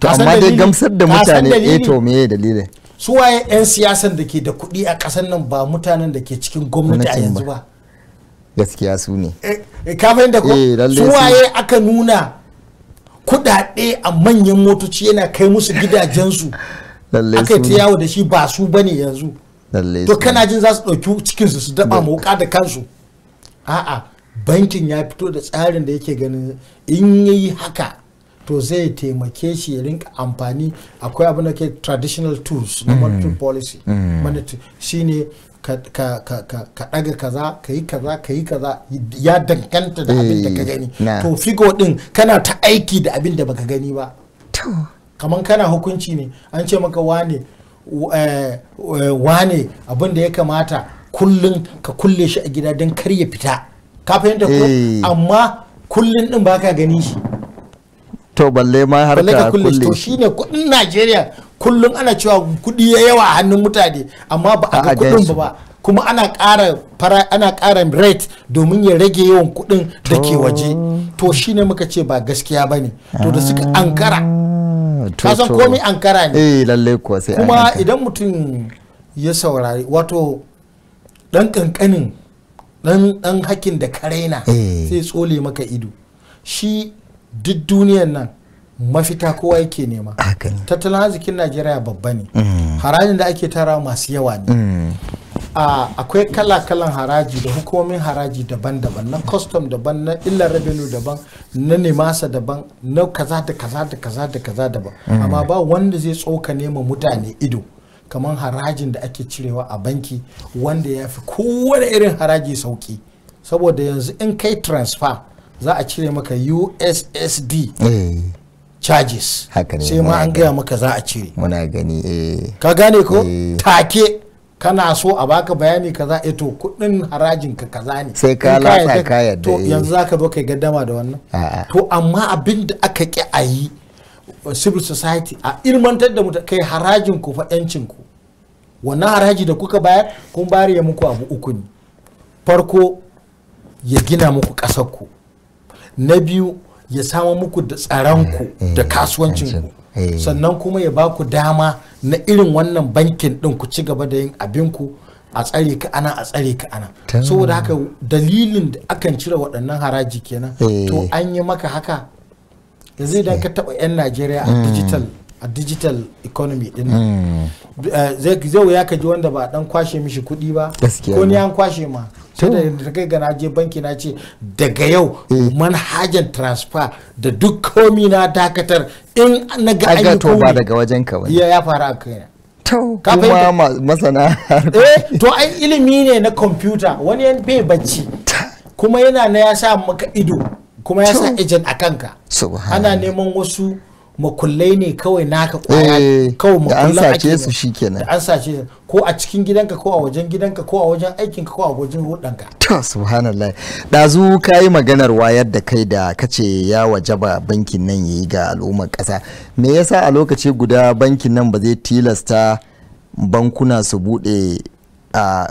to amma dai gamsar da mutane eh to me dalilin su waye 'yan siyasan da ke da kuɗi a ƙasar nan ba mutanen da ke cikin gwamnati a yanzu ba gaskiya su ne eh, ka fahimta ko su waye aka nuna kuɗaɗe a manyan motoci yana kai musu gidajensu aka ta yawo da shi ba su bane yanzu to kana jin za su ɗauki cikinsu su daɓa wuƙa da kansu a'a bankin ya fito da tsarin da yake ganin in yayi haka to zai taimake shi ya rinka amfani akwai abin da ke traditional tools na mm. monetary policy mm. shine ka ɗaga kaza ka yi kaza ka yi kaza ya danganta da abin da ka eh, gani to figo din kana ta aiki da abin da baka gani ba kamar kana hukunci ne an ce maka wane eh, eh, wane abin da ya kamata kullum ka kulle shi a gida don kar ya fita ka fahimta ko amma kullum din baka gani shi to balle ma har ka kulle to shine kudin Najeriya kullun ana cewa kudi ya yawa hannun mutane amma ba a ga kudin ba kuma ana ƙara fara ana ƙara rate domin ya rage yawan kudin da ke waje to shine muka ce ba gaskiya bane to da suka ah, ankara ka san komai ankara ne eh lalle kuwa sai kuma idan mutum ya saurari wato dan kankanin dan dan hakin da karena eh. sai tsole maka ido shi duk duniyan nan mafita kowa yake nema tattalin arzikin najeriya babba ne mm. harajin da ake tara masu yawa ne mm. akwai kala-kalan haraji da hukumomin haraji daban-daban na custom daban na illar revenue daban na nemasa daban na kaza da kaza da kaza da kaza daban mm. amma ba wanda zai tsoka nema mutane ido kamar harajin da ake cirewa a banki wanda ya fi kowane irin haraji sauki saboda yanzu in kai transfer za a cire maka ussd eh. charges sai ma an gaya maka za a cire muna gani eh ka gane ko eh. take kana so a baka bayani kaza e to kudin harajin ka kaza ne sai ka latsa ka yadda to yanzu zaka zo kai gaddama da wannan to amma abin da aka ki a yi civil society a ilmantar da mutum kai harajin ku fa yancin ku wannan haraji da kuka bayar kun bayar ya muku abu uku ne farko ya gina muku kasar ku na biyu ya samu muku da tsaranku mm, mm, da kasuwancinku mm, sannan kuma ya baku dama na irin wannan bankin din ku ci gaba da yin abinku a tsare ka ana a tsare ka ana saboda haka dalilin da akan cire waɗannan haraji kenan eh. to an yi maka haka yanzu zai ka eh. taɓa 'yan najeriya a digital a digital economy din nan eh, zai ya ka ji wanda ba dan kwashe mishi kuɗi ba ko ni an kwashe ma sai da kai gana je banki na ce daga yau eh. manhajan transfer da duk komi na dakatar in na ga ayyukan to ba daga wajen ka ya fara a kai to kuma masana eh to ai ilimi ne na computer wani yan bai bacci kuma yana na ya sa maka ido kuma ya sa agent a kanka ana neman wasu makullai ne kawai naka kwaya eh, kawai da an sace su shikenan da an sace su ko a cikin gidanka ko a wajen gidanka ko a wajen aikinka ko a wajen hudanka to subhanallah dazu kai maganar wayar da kai da kace ya waje ba bankin nan yayi ga al'ummar kasa me yasa a lokaci guda bankin nan ba zai tilasta bankuna su bude a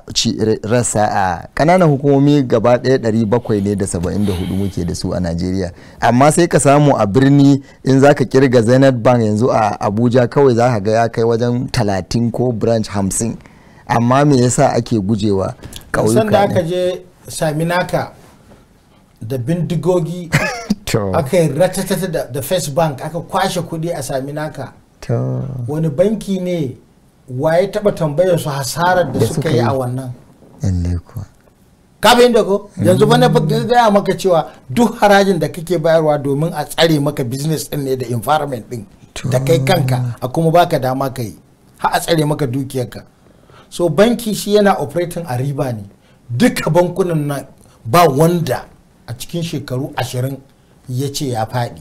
rasa a kananan hukumomi gaba ɗaya ɗari bakwai ne da saba'in da hudu muke da su a najeriya amma sai ka samu a birni in za ka kirga zenith bank yanzu a abuja kawai za ka ga ya kai wajen talatin ko branch hamsin amma me yasa ake gujewa ƙauyuka da aka je saminaka da bindigogi aka yi ratatata da first bank aka kwashe kuɗi a saminaka wani banki ne waye taba tambayar su hasarar da suka yi a wannan ka da ko yanzu bana gaya maka cewa duk harajin da kake bayarwa domin a tsare maka business din ne da environment din da kai kanka a kuma baka dama ka yi har a tsare maka dukiyarka so banki shi yana operating a riba ne duka bankunan nan ba wanda a cikin shekaru ashirin ya ce ya faɗi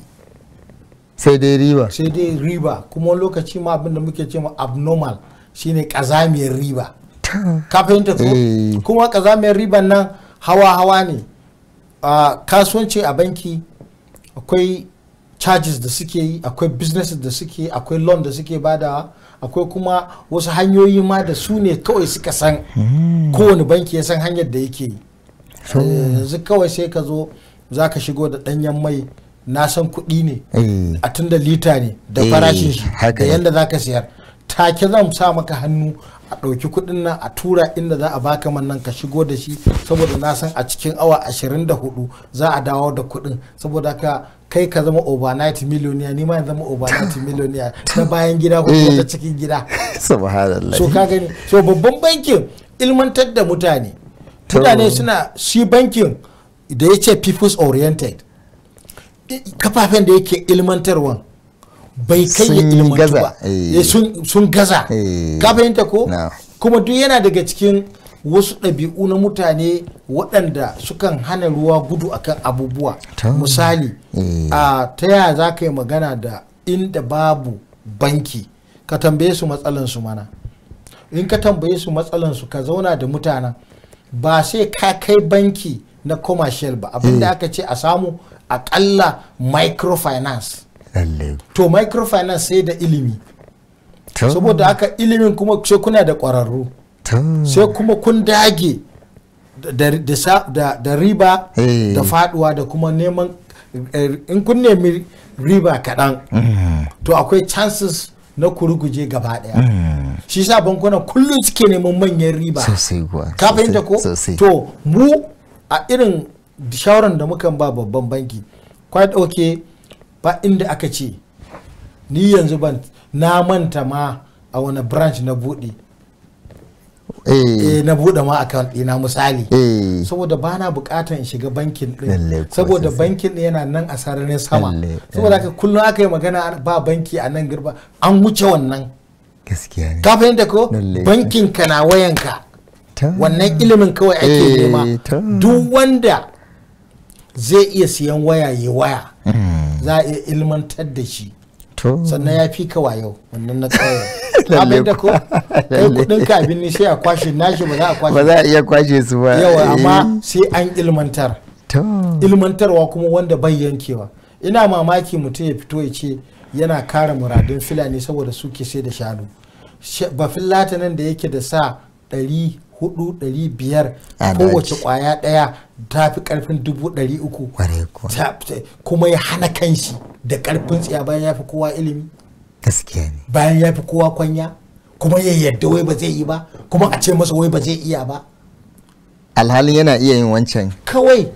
sai dai riba sai dai riba kuma lokaci ma abinda muke ce abnormal shine kazamiyar riba ka fahimta ko eh. kuma kazamiyar riba nan hawa hawa ne a kasuwanci a banki akwai charges da suke yi akwai businesses da suke akwai loan da suke badawa akwai kuma wasu hanyoyi ma da su ne kawai suka san hmm. kowane banki ya san hanyar da yake yi eh, yanzu kawai sai ka zo za ka shigo da ɗanyen mai na san kuɗi ne eh. a tun da lita ne da farashin shi da yadda za ka siyar take zan sa maka hannu a ɗauki kuɗin nan a tura inda za a baka man nan ka shigo da shi saboda na san a cikin awa 24 za a dawo da kuɗin saboda ka kai ka zama overnight millionaire ni ma in zama overnight millionaire na bayan gida ko ta cikin gida eh, subhanallah so ka gani so babban bankin ilmantar da mutane mutane suna shi bankin da ya ce people's oriented kafafen da yake ilmantarwa. bai kai ya ilmantu ba eh. Eh, sun gaza eh. ka fahimta ko kuma duk yana daga cikin wasu ɗabi'u na mutane waɗanda sukan hana ruwa gudu akan abubuwa misali a ta yaya za ka yi magana da inda babu banki ka tambaye su su mana in ka tambaye su matsalan su ka zauna da mutanen ba sai ka kai banki na commercial ba abinda aka ce a samu akalla microfinance to microfinance sai da ilimi saboda haka ilimin kuma sai kuna da kwararru sai kuma kun dage da riba eh. da faduwa da kuma neman eh, in kun nemi riba kaɗan mm. to akwai chances na kuruguje gaba daya mm. shi sa bankunan kullum suke neman manyan riba ka fahimta ko to mu a irin shawaran da muka ba babban banki kwa ɗauke ba inda aka ce ni yanzu ban na manta ma a wani branch na buɗe eh. Eh, na buɗe ma account ɗina misali eh. saboda ba na buƙatar in shiga bankin ɗin saboda bankin ɗin yana nan a sararin sama saboda haka kullum aka yi magana ba banki a nan girba an wuce wannan gaskiya ne ka fahimta ko bankin ka na wayanka wannan ilimin kawai ake nema duk wanda zai iya siyan waya ya waya hmm. za a iya ilmantar da shi sannan ya fi kawa yau wannan na tsaye abin da ko kai kudin ka abin ne sai a kwashe nashi ba za a kwashe ba za a iya kwashe su ba yawa eh. amma sai an ilmantar ilmantarwa kuma wanda bai yankewa ina mamaki mutum ya fito ya ce yana kare muradin fulani saboda suke sai da shanu ba nan da yake da sa ɗari hudu dari biyar kowace kwaya daya ta fi karfin dubu dari uku kuma ya hana kanshi da karfin tsiya bayan ya fi kowa ilimi bayan ya fi kowa kwanya kuma ya yadda wai ba zai yi ba kuma a ce masa wai ba zai iya ba alhalin yana iya yin wancan kawai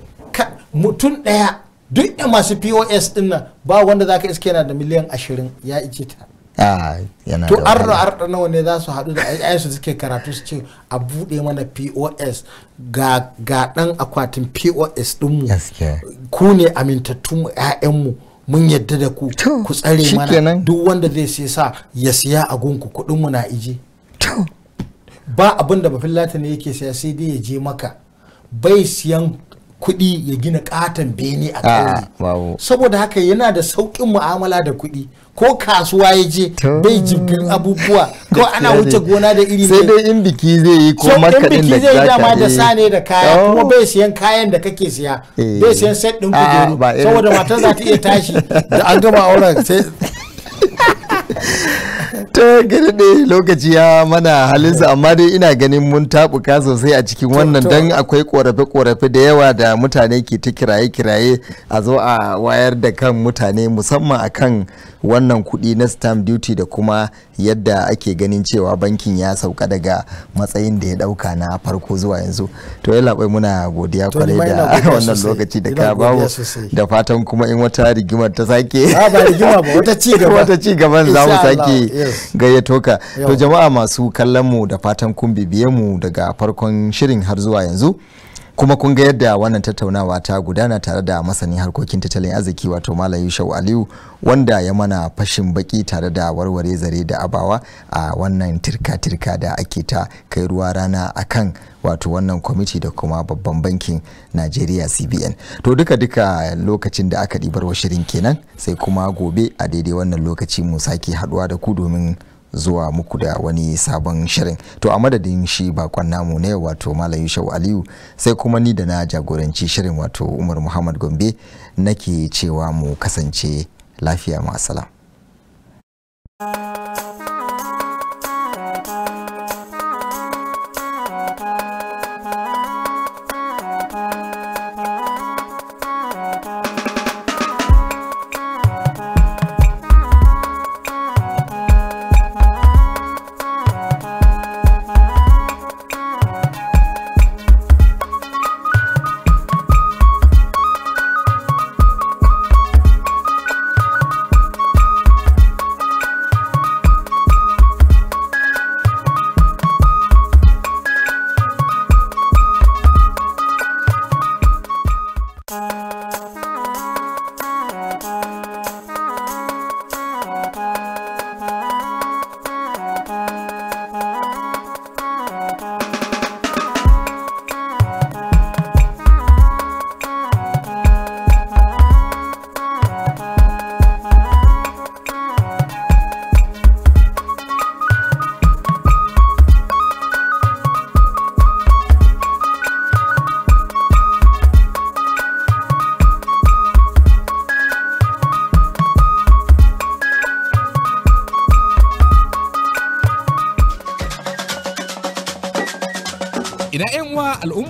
mutum daya duk masu pos din nan ba wanda zaka iske yana da miliyan ashirin ya ice ta Ah, yana to arna arna nawa ne za su haɗu da ai su suke karatu su ce a buɗe mana pos ga ga ɗan akwatin pos ɗinmu ku ne amintattun 'ya'yanmu mun yadda da ku ku tsare mana duk wanda zai sai sa ya siya a gunku kuɗin mu na ije ba abin da bafin ne yake siya sai dai ya je maka bai siyan kuɗi ya gina katon bene a kai ah, saboda haka yana da sauƙin mu'amala da kuɗi ko kasuwa ya je bai jibgin abubuwa ko ana wuce gona da iri sai dai in biki zai yi ko makadin da zai yi dama da sa ne da kaya kuma oh. bai siyan kayan da kake siya eh. bai siyan set din kujeru saboda matar za ta iya tashi da an gama auren sai ta girbe lokaci ya mana halinsa eh. amma dai ina ganin mun tabuka sosai a cikin wannan dan akwai korafe-korafe da yawa da mutane ke ta kiraye-kiraye a zo a wayar da kan mutane musamman a kan wannan kuɗi na stamp duty da kuma yadda ake ganin cewa bankin ya sauka daga matsayin da ya dauka na farko zuwa yanzu to ya labai muna godiya kwarai da wannan lokaci da ka bawo da fatan kuma in wata rigimar ta sake ah, ba rigima ba wata ci gaba gaban za mu sake eh. gayyatoka toka to jama'a masu kallon mu da fatan kun bibiye mu daga farkon shirin har zuwa yanzu kuma kun ga yadda wannan tattaunawa ta gudana tare da masani harkokin tattalin arziki wato malam yushau aliyu wanda ya mana fashin baki tare da warware zare da abawa a wannan tirka-tirka da ake ta kai ruwa rana akan wato wannan kwamiti da kuma babban bankin najeriya cbn to duka-duka lokacin da aka ɗibar shirin kenan sai kuma gobe a daidai wannan lokaci mu sake haɗuwa da ku domin zuwa muku da wani sabon shirin to a madadin shi bakon namu ne wato malam yushau aliyu sai kuma ni da na jagoranci shirin wato umar muhammad gombe nake cewa mu kasance lafiya ma salam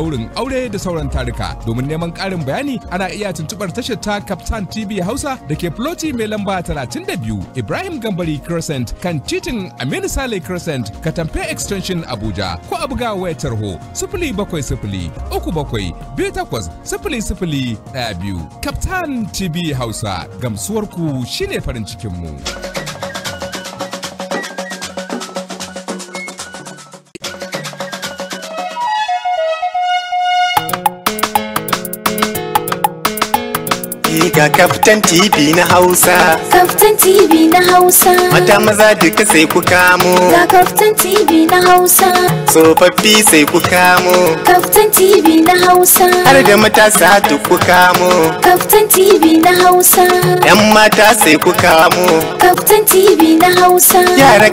ɗaurin aure da sauran tarika. Domin neman ƙarin bayani ana iya tuntuɓar tashar ta Captain TV Hausa da ke Floti mai lamba 32 Ibrahim Gambari Crescent kan titin Aminu Sale Crescent Katamfe Extension Abuja ko a buga wayar tarho 070 uku bakwai sifili ɗaya biyu. Captain TV Hausa gamsuwarku shine farin cikinmu. mu. ga kaftan tv na hausa kaftan tv na hausa mata maza duka sai ku kamo ga kaftan tv na hausa tsofaffi sai ku kamo kaftan tv na hausa har da matasa duk ku kamo kaftan tv na hausa yan mata sai ku kamo kaftan tv na hausa yara